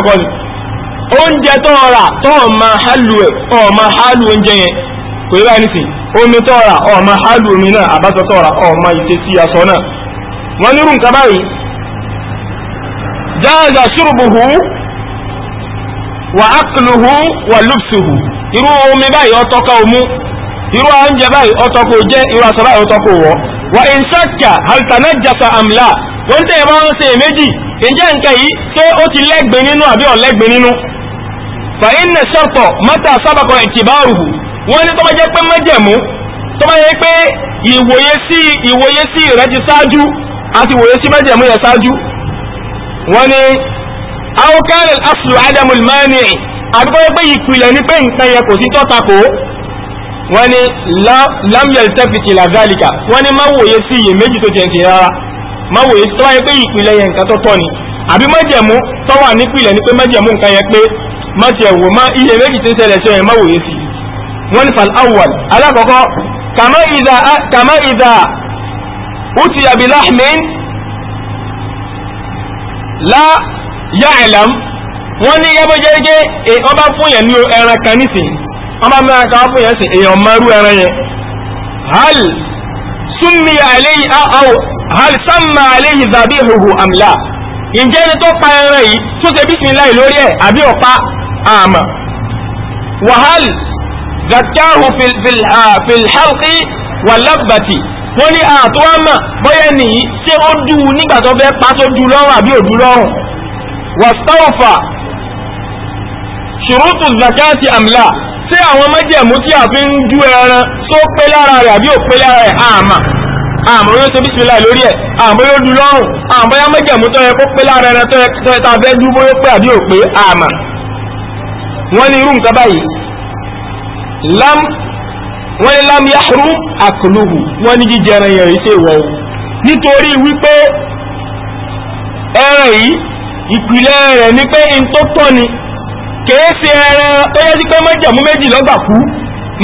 oúnjẹ tó ọ̀rà hálù oúnjẹ yẹn kò yíra nísìn omi tó ọ̀rà hálù omi náà àbátọ tó ọ̀rà ọmọ aṣọ náà wọn nírú nǹkan báyìí jáàzà ṣùrùbùhù wà ákùlùhù wà lùfṣùhù irú omi báyìí ọtọ́kọ̀ òmú irú oúnjẹ báyìí irú aṣọ báyìí wa in shakka hal tanajjasa am la wọ́n tẹ́ ẹ̀bá ń ṣe méjì ǹjẹ́ nǹkan yìí ṣé ó ti lẹ́gbẹ̀ẹ́ nínú àbí ọ̀lẹ́gbẹ̀ẹ́ nínú fa inna sharta mata sabaqa i'tibaruhu wọ́n ní tó bá jẹ́ pé májẹ̀mú tó bá jẹ́ pé ìwòye sí ìwòye sí rẹ̀ ti ṣáájú àti ìwòye sí májẹ̀mú yẹn ṣáájú wọ́n ní aw kana al-aslu 'adamu al-mani' àbíkọ́ pé ìpìlẹ̀ ní pé nǹkan yẹn kò sí tọ́ta kò wọ́n ní lamyel tẹ́fìtì làgálìkà wọ́n ní má wòye sí iye méjì tó jẹun ti rárá má wòye sí tọ́wáyé pé ìpìlẹ̀ yẹn nǹkan tó tọ́ ni àbí májẹ̀mú tọ́wà nípìlẹ̀ ni pé májẹ̀mú nǹkan yẹn pé má tiẹ̀ wò má iye méjì tó ṣẹlẹ̀ ṣe yẹn má wòye sí wọ́n ní fal awwal alákọ̀ọ́kọ́ kama ìdá kama ìdá uti àbí lahmin la ya'lam wọ́n ní yẹ́bọ́jẹ́gẹ́ e, ọba fún yẹn ní ẹran kan nísìnyí wọ́n bá mẹ́ra káwọ́ fún yẹn sí èèyàn mẹ́rú ẹran yẹn hal súnmi àléyìí àwọ̀ hal sánmà àléyìí zàbí huhu àmìlà ǹjẹ́ ẹni tó pa ẹran yìí tó ṣe bísíláì lórí ẹ̀ àbí ọ̀pá àmà wàhal zakahu filhalki wàlábàtì wọ́n ní àtọ́ àmà bóyá nìyí ṣé ó dù ú nígbà tó fẹ́ pa tó dù lọ́rùn àbí ò dù lọ́rùn wàstáwọ̀fà ṣùrùtù zakati àmìlà ṣé àwọn májẹ̀mú tí a fi ń ju ẹran tó pé lára rẹ̀ àbí ò pé lára rẹ̀ àmà àmọ́ yóò ṣe bísí láì lórí ẹ̀ àmọ́ yóò du lọ́rùn àmọ́ yá májẹ̀mú tó yẹ kó pé lára ẹran tó yẹ tá a fẹ́ dú bóyá pé àbí ò pé àmà wọ́n ní irú nǹkan báyìí lam wọ́n ní lam yahru akluhu wọ́n ní jíjẹ ẹran yẹn rí sí ìwọ̀ o nítorí wípé ẹran yìí ìpìlẹ̀ rẹ̀ ni pé n tó tọ́ ni kèé ṣe ẹran tó yẹ sí pé mọ́jẹ̀mú méjì lọ́gbà kú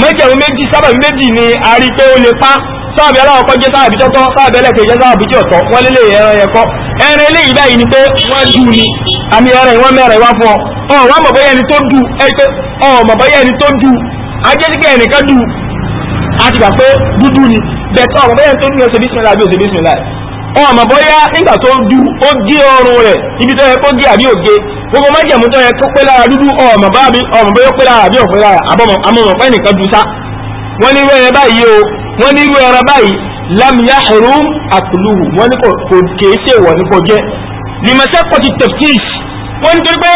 mọ́jẹ̀mú méjì sábàbí méjì ni a rí pé ó lè pa sábàbí aláwọ̀kọ́ jẹ́ sábàbí tọ́tọ́ sábàbí ẹlẹ́kẹ̀ẹ́ jẹ́ sábàbí tí ọ̀tọ̀ wọ́n lélẹ̀ ẹran yẹn kọ́ ẹran eléyìí báyìí ni pé wọ́n dù ni àmì ọ̀rẹ́ ìwọ́n mẹ́rẹ̀ wá fún ọ ọ̀wọ́n mọ̀ bóyá ẹni tó dù ẹgbẹ́ ọ̀mọ̀ bóyá ẹni tó dù ajẹ́síkẹ́ ẹnìkan dù a ti gbà pé dúdú ni bẹ̀tọ̀ ọ̀mọ̀ bóyá ẹni tó dù ni ó ṣe bísí wọn àmọ́ bóyá nígbà tó dú ó gé ọrùn rẹ̀ ibi tó yẹ kó gé àbí òge gbogbo májẹ̀mú tó yẹ kó pé lára dúdú ọmọ bá mi ọmọ bóyá pé lára àbí òfin lára àbọ̀mọ̀ amọ̀mọ̀ pẹ́ nìkan dùn sá wọ́n ní irú ẹran báyìí o wọ́n ní irú ẹran báyìí lam yahrum akluhu wọ́n ní kò kèé ṣe wọ̀ ní kò jẹ́ lìmọ̀ṣẹ́ pọ̀ ti tẹ̀kís wọ́n nítorí pé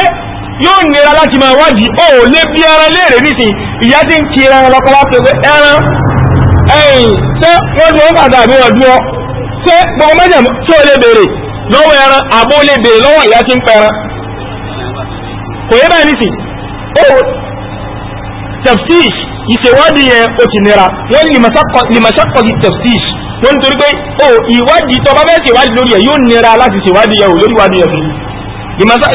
yóò nira láti máa wádìí ó lé bí ẹran léèrè nísìn ìyá tí ń kí ẹran lọ́kọ́ láti ẹran ẹ̀yìn ṣé wọ́n dúró ń bàdà àbí wọ́n dúró pé gbogbo mẹ́jẹ̀ tí ó lè bèèrè lọ́wọ́ ẹran àbó lè bèèrè lọ́wọ́ ìyá tí ń pẹran kò yẹ báyìí nìsí ó tafsish ìṣèwádìí yẹn ó ti nira wọ́n lìmọ̀ṣàkọ̀ ti tafsish wọ́n nítorí pé ó ìwádìí tó bá bẹ́ẹ̀ ṣèwádìí lórí ẹ̀ yóò nira láti ṣèwádìí yẹn ò lórí ìwádìí yẹn fún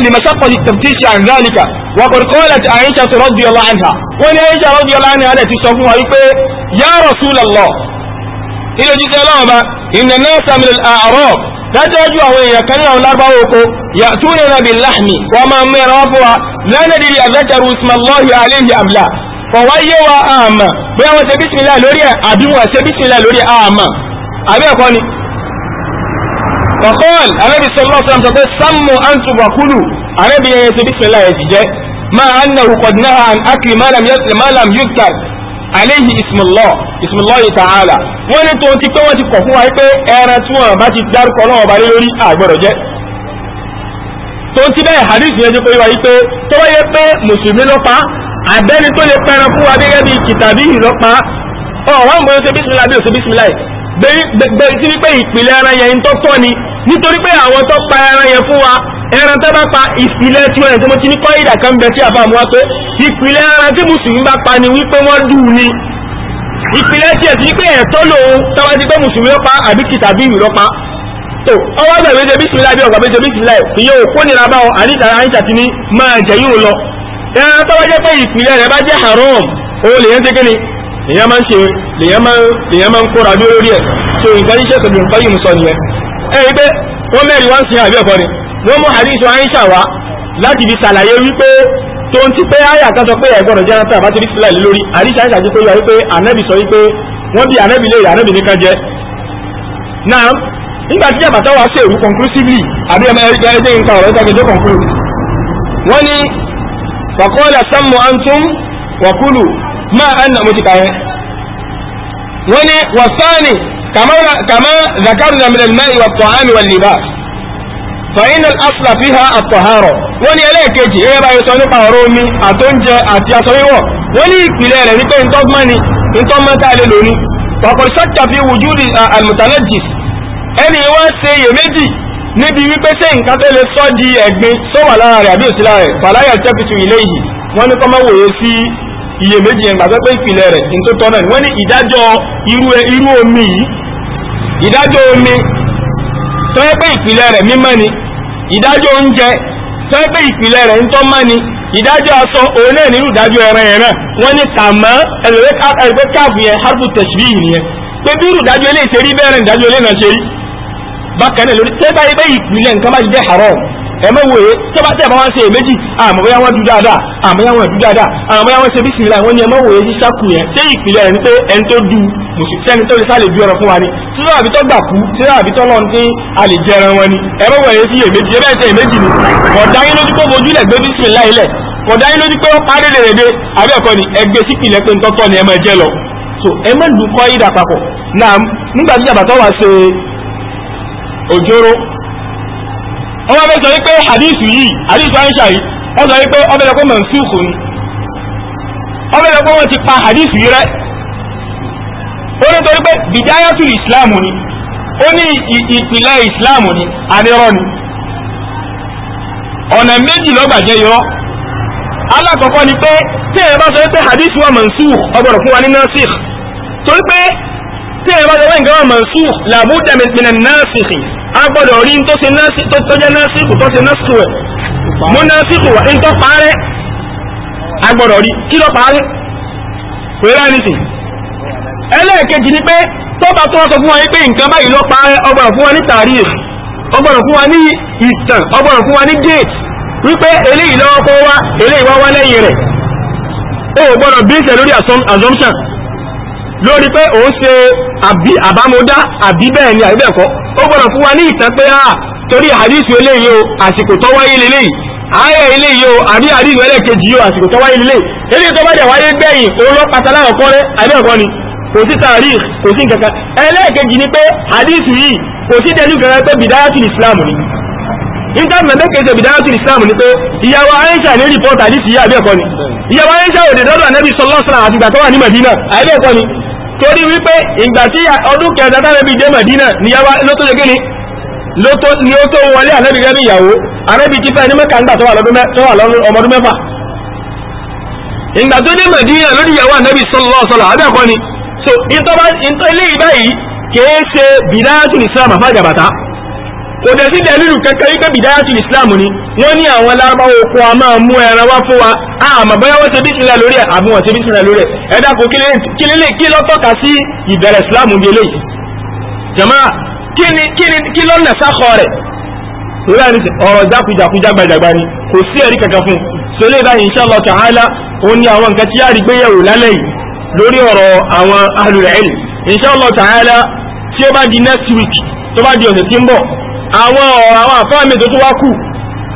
لمشقة التفتيش عن ذلك وقد قالت عائشة رضي الله عنها وإن عائشة رضي الله عنها التي صفوها يا رسول الله إلى جزء الله inna nasa min al-a'rab dájọ́jú àwọn èèyàn kan ní àwọn lárúbáwò oko ya'tunana bil lahmi wọ́n máa mú ẹran fún wa lánàá di azakaru ismallahi alayhi abla kọ̀wá yé wa àmà bóyá wọ́n ṣe bísímìlá lórí ẹ̀ àbí wọ́n ṣe bísímìlá lórí àmà àbí ẹ̀kọ́ ni. kọ̀kọ́ọ̀l arábì sọlọ́ aléhi ismùlọ́ ismùlọ́ yìí tààlà wọ́n ní tó ti pé wọ́n ti kọ̀ fún wa pé ẹran tí wọ́n bá ti dárúkọ Ọlọ́run ọba lé lórí àgbọ̀dọ̀ jẹ́ tó ti bẹ́ẹ̀ hadith yẹn jẹ́ pé wáyé pé tó wáyé pé mùsùlùmí ló pa àbẹ́ni tó lè pẹran fún wa gẹ́gẹ́ bí kìtàbí yìí pa ọ̀ wọ́n mọ̀ ṣe bísímìlá bí ò ṣe bísímìlá yìí bẹ́ẹ̀ sí wípé ìpìlẹ̀ ara yẹn ń tọ́tọ́ ni nítorí pé àwọn tó pa ẹran yẹn fún wa ẹran tó bá pa ìpìlẹ̀ tí wọ́n ẹ̀ tí mo ti ní kọ́ ìdà kan bẹ tí àbámu wa pé ìpìlẹ̀ ẹran tí mùsùlùmí bá pa ni wípé wọ́n dù ni ìpìlẹ̀ tí ẹ̀ ti ní pé ẹ̀tọ́ lòun tọ́wọ́ ti pé mùsùlùmí ló pa àbí kìtà bí ìlú ló pa tó ọwọ́ bẹ̀ méje bí tìlá bí ọgbà méje bí tìlá ìyẹn òkú nira bá wọn àníta àníta ti ní máa jẹ yìí lọ ẹ̀rí pé wọ́n mẹ́rin wá ń sin àbí ẹ̀kọ́ ni wọ́n mú hadith Aisha wá láti fi ṣàlàyé wípé tó ń ti pé àyà kan sọ pé ẹ̀gbọ́n jẹ́ rántà bá ti rí lórí hadith Aisha jẹ́ pé wípé ànábì sọ wípé wọ́n bí ànábì lè ànábì nìkan jẹ́ náà nígbà tí àbàtà wa ṣe èrú conclusively àbí ẹmọ ẹgbẹ́ ẹgbẹ́ nǹkan ọ̀rọ̀ ìtàgéjọ́ conclude wọ́n ní faqala sammu ma mo ti كما كما ذكرنا من الماء والطعام واللباس فإن الأصل فيها الطهارة وني عليك يجي إيه بقى يسوني قارومي أتونجا أتيا سويو وني كلير نيكو انتوب ماني انتوب ما تعالي لوني وقد شك في وجود المتنجس ẹni wá ṣe iyèméjì níbi wípé ṣé nǹkan tó lè sọ di ẹ̀gbin sọ wà lára rẹ̀ àbí òsì lára rẹ̀ fàlàyà tẹ́kìtù ilé yìí wọ́n ní kọ́ máa wòye sí iyèméjì yẹn gbàgbé pé ìpìlẹ̀ rẹ̀ ní tó tọ́ náà wọ́n ní ìdájọ́ irú omi yìí ìdájọ́ omi tó yẹ pé ìpìlẹ̀ rẹ̀ mímọ́ ni ìdájọ́ oúnjẹ tó yẹ pé ìpìlẹ̀ rẹ̀ ń tọ́ mọ́ ni ìdájọ́ aṣọ òun náà nínú ìdájọ́ ẹran yẹn náà wọ́n ní kàmọ́ ẹlẹ́gbẹ́ káàbù yẹn harbu tẹ̀síbí yìí nìyẹn pé bí irú ìdájọ́ eléyìí ṣe rí bẹ́ẹ̀ rẹ̀ ìdájọ́ eléyìí náà ṣe rí bákan náà lórí tẹ́ ìpìlẹ̀ nǹkan bá ti jẹ́ haram ẹ̀mẹ́wò yẹ tẹ́bá tẹ́bá wọ́n ṣe èméjì àmọ́bọ́yá wọ́n dú dáadáa àmọ́bọ́yá wọ́n dú dáadáa àmọ́bọ́yá wọ́n ṣe bí sinmi láì wọ́n ní ẹ̀mẹ́wò yẹ sí sákù yẹn ṣé ìpìlẹ̀ ẹni pé ẹni tó du sẹ́ni tó lè sá lè du ẹran fún wa ni sísá àbí tó gbà kú sísá àbí tó lọ́n dín a lè jẹ ẹran wọn ni ẹ̀mẹ́wò yẹ sí èméjì ẹbẹ́ ṣe èméjì ni kọ̀dá yín lójú pé fojú lẹ̀ gbé bí sinmi láì lẹ̀ kọ̀dá yín lójú pé ó parí lèrèdè àbẹ́ ni ẹgbẹ́ sí so ẹ má lu kọ́ ìdà papọ̀ náà nígbà tí àbàtà wa wọ́n wá fẹ́ sọ wípé hadithu yìí hadithu aisha yìí wọ́n sọ wípé ọbẹ̀ lọ́pọ̀ mansukh ni ọbẹ̀ lọ́pọ̀ wọn ti pa hadithu yìí rẹ́ ó ní torí pé bidayatul islam ni ó ní ìpìlẹ̀ islam ni àdírọ́ ni ọ̀nà méjì lọ́gbàjẹ́ yọ alákọ̀ọ́kọ́ ni pé tí ẹ bá sọ pé hadith wa mansukh ọgbọ̀rọ̀ fún wa ní nasikh torí pé tí ẹ bá sọ pé nǹkan wa a gbọ́dọ̀ rí tó ṣe násìkò tó jẹ́ násìkò tó ṣe násìkò ẹ̀ mú násìkò wà ní tó parẹ́ a rí kí ló parẹ́ kò rí ni pé tó tó wọ́n sọ fún wa pé nǹkan báyìí ló fún wa ní tàrí ó gbọ́dọ̀ fún wa ní ìtàn assumption lórí pé òun ṣe àbí ó gbọ́dọ̀ fún wa ní ìtàn pé á ah, torí àdísù eléyìí o àsìkò tó wáyé lélẹ̀ ààyè eléyìí o àbí àdísù ẹlẹ́kejì o àsìkò tó wáyé lélẹ̀ eléyìí tó bá dẹ̀ wáyé gbẹ̀yìn òun lọ pàtàlá ọ̀kọ́ rẹ̀ àbẹ́ẹ̀kọ́ ni kò sí tààrí kò sí nǹkankan ẹlẹ́kejì ni pé àdísù yìí kò sí tẹ́lú kankan pé bìdáyàtì islam ni nítorí mẹ́tẹ́ kẹsẹ̀ bìdáyàtì islam ni pé ìyàwó aisha ní rìpọ́tà àdísù yìí àbẹ́ẹ̀kọ́ ni ìyàwó aisha òdè dọ́dọ̀ ànẹ́bí sọlọ́sọ̀rọ̀ torí wípé ìgbà tí ọdún kẹta tánàbí dé Mẹdínà níyàwó ló tó jẹ́gẹ́ni ni ó tó wọlé ànábì rẹ̀ níyàwó ànábì ti fẹ́ ní Mẹ́kà ńgbà tó wà lọ́dún ọmọdún mẹ́fà ìgbà tó dé Mẹdínà lórí ìyàwó ànábì sallallahu alaihi wasallam àbẹ́ẹ̀kọ́ ni so ìtọ́ ilé ìbáyìí kìí ṣe bìdáyàtì ìsìlámù àfáàgàbàtà kò dẹ̀ sí dẹ̀lílù kankan wípé bìdáyàtì islam ni wọ́n ní àwọn lárúbáwò kó a máa mú ẹran wá fún wa àmọ́ bóyá wọ́n ṣe bísílẹ̀ lórí ẹ̀ àbí wọ́n ṣe bísílẹ̀ lórí ẹ̀ ẹ dákun kí lélẹ̀ kí ló tọ́ka sí ìbẹ̀rẹ̀ islam bí eléyìí jama kí ni kí ni kí ló nà sákọ rẹ̀ lórí àní ọ̀rọ̀ jákujàku jágbajàgba ni kò sí ẹ̀rí kankan fún sọlẹ̀ báyìí inshallah ta'ala òun ni àwọn nǹkan tí yáà rí gbéyẹ̀wò lálẹ́ yìí lórí ọ̀rọ̀ àwọn ahlul ilm inshallah ta'ala tí ó bá di next week tó bá di ọ̀sẹ̀ tí ń bọ̀ àwọn ọ̀rọ̀ àwọn àfáà mi tó tó wá kù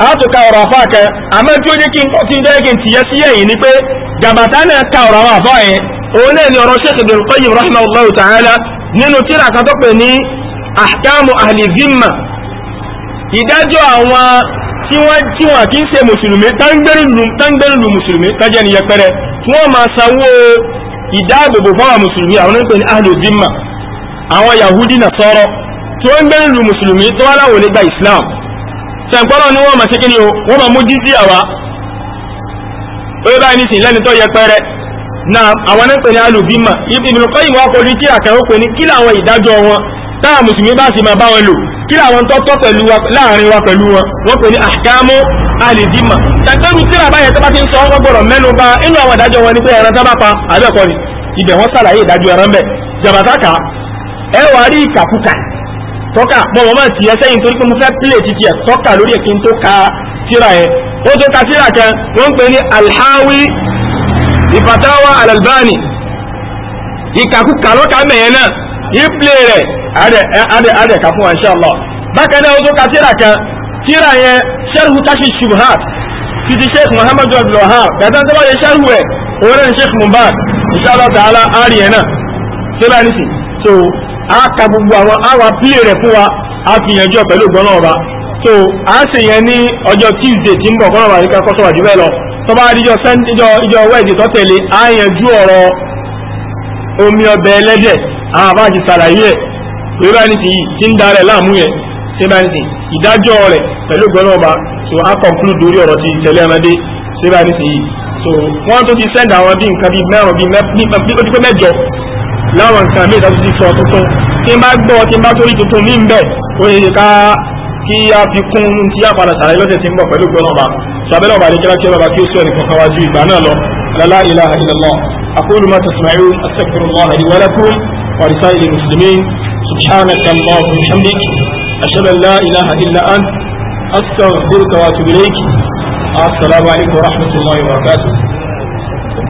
àtòkà ọ̀rọ̀ àfáà a àmọ́ tí ó jẹ́ kí n kọ́ sí jẹ́ kí n tìyẹ́ sí ẹ̀yìn ni pé náà ka ọ̀rọ̀ àwọn àfáà yẹn òun náà ni ọ̀rọ̀ Sheikh Ibn Qayyim rahimahullahu ta'ala nínú na kan tó pè ní ahkamu ìdájọ́ àwọn tí lu mùsùlùmí kájẹ́ ni yẹpẹrẹ wọ́n máa sanwó ìdáàbòbò fáwọn mùsùlùmí àwọn ní zimma àwọn yahudi tí wọ́n ń gbé nílùú mùsùlùmí tó wá láwọn onígbà islam ṣàǹpọ́nà ni wọ́n máa ṣe kí ni o wọ́n máa mú jíjí àwa orí báyìí nísìnyí lẹ́ni tó yẹ pẹ́rẹ́ na àwọn náà pè ní alùbímà Ibn Qayyim wọ́n kọjú kí àkàrọ̀ pé ní kí làwọn ìdájọ́ wọn táwọn mùsùlùmí bá sì máa bá wọn lò kí làwọn tọ́tọ́ pẹ̀lú wa láàrin wa pẹ̀lú wọn wọ́n pè ní ahkamu alìdímà ṣàǹpọ́nù tí làbá yẹn tó bá ti ń sọ wọ́n gbọ́dọ̀ mẹ́nu bà inú àwọn ìdájọ́ wọn ni pé ẹran tábà pa àbẹ́ẹ̀kọ́ ni ibẹ̀ wọ́n sàlàyé ìdájọ́ ẹran bẹ́ẹ̀ jàbátàkà ẹ sọ́kà mọ́ mọ́ máa tìyẹ sẹ́yìn torí pé mo fẹ́ pílè títí ẹ̀ sọ́kà lórí ẹ̀ kí n tó ka síra ẹ̀ ó tó ka síra kan wọ́n ń pè ní alhawi ìfàtàwà alalbani ìkàkùkà lọ́kà mẹ́yẹn náà ìpìlẹ̀ rẹ̀ adẹ̀ adẹ̀ kà fún wa insha Allah bákan náà ó tó ka síra kan síra yẹn sẹ́rù tashi shubhat títí sheikh muhammadu abdulwahab kàtà tó bá yẹ sẹ́rù ẹ̀ òun ni sheikh mubad insha Allah àárín yẹn náà a ka gbogbo àwọn àwa pílè rẹ̀ fún wa a fi yànjọ pẹ̀lú gbọ́nà ọba so a ṣe yẹn ní ọjọ́ tuesday tí ń bọ̀ gbọ́nà ọba nípa kọ́sọ̀ àjú bẹ́ẹ̀ lọ tó bá rí ìjọ wẹ́ẹ̀dì tó tẹ̀lé a yànjú ọ̀rọ̀ omi ọbẹ̀ ẹlẹ́dẹ̀ àwọn àbá ti ṣàlàyé ẹ̀ pé bá ní ti tí ń darẹ̀ láàmú yẹn ṣe bá ní ti ìdájọ́ rẹ̀ pẹ̀lú gbọ́nà ọba so a conclude lórí ọ̀rọ̀ ti tẹ̀lé ọmọdé ṣe bá ní ti yìí so wọ́n tó ti send àwọn bí nǹkan bíi mẹ́rin bíi mẹ́jọ láwọn nǹkan míì tó ti sọ tuntun tí n bá gbọ́ tí n bá sórí tuntun mí bẹ̀ ó yẹ ká kí a fi kún un tí a padà sàlàyé lọ́sẹ̀ tí ń bọ̀ pẹ̀lú gbọ́n ọba sàbẹ̀lẹ̀ ọba ní kíláàkiri ọba kí ó sọ ẹnìkan kan wájú ìgbà náà lọ la ilaha illallah aqulu ma tasma'un astaghfirullah li wa lakum wa lisairil muslimin subhanaka allahumma wa bihamdik ashhadu an la ilaha illa ant astaghfiruka wa atubu ilayk assalamu wa rahmatullahi wa barakatuh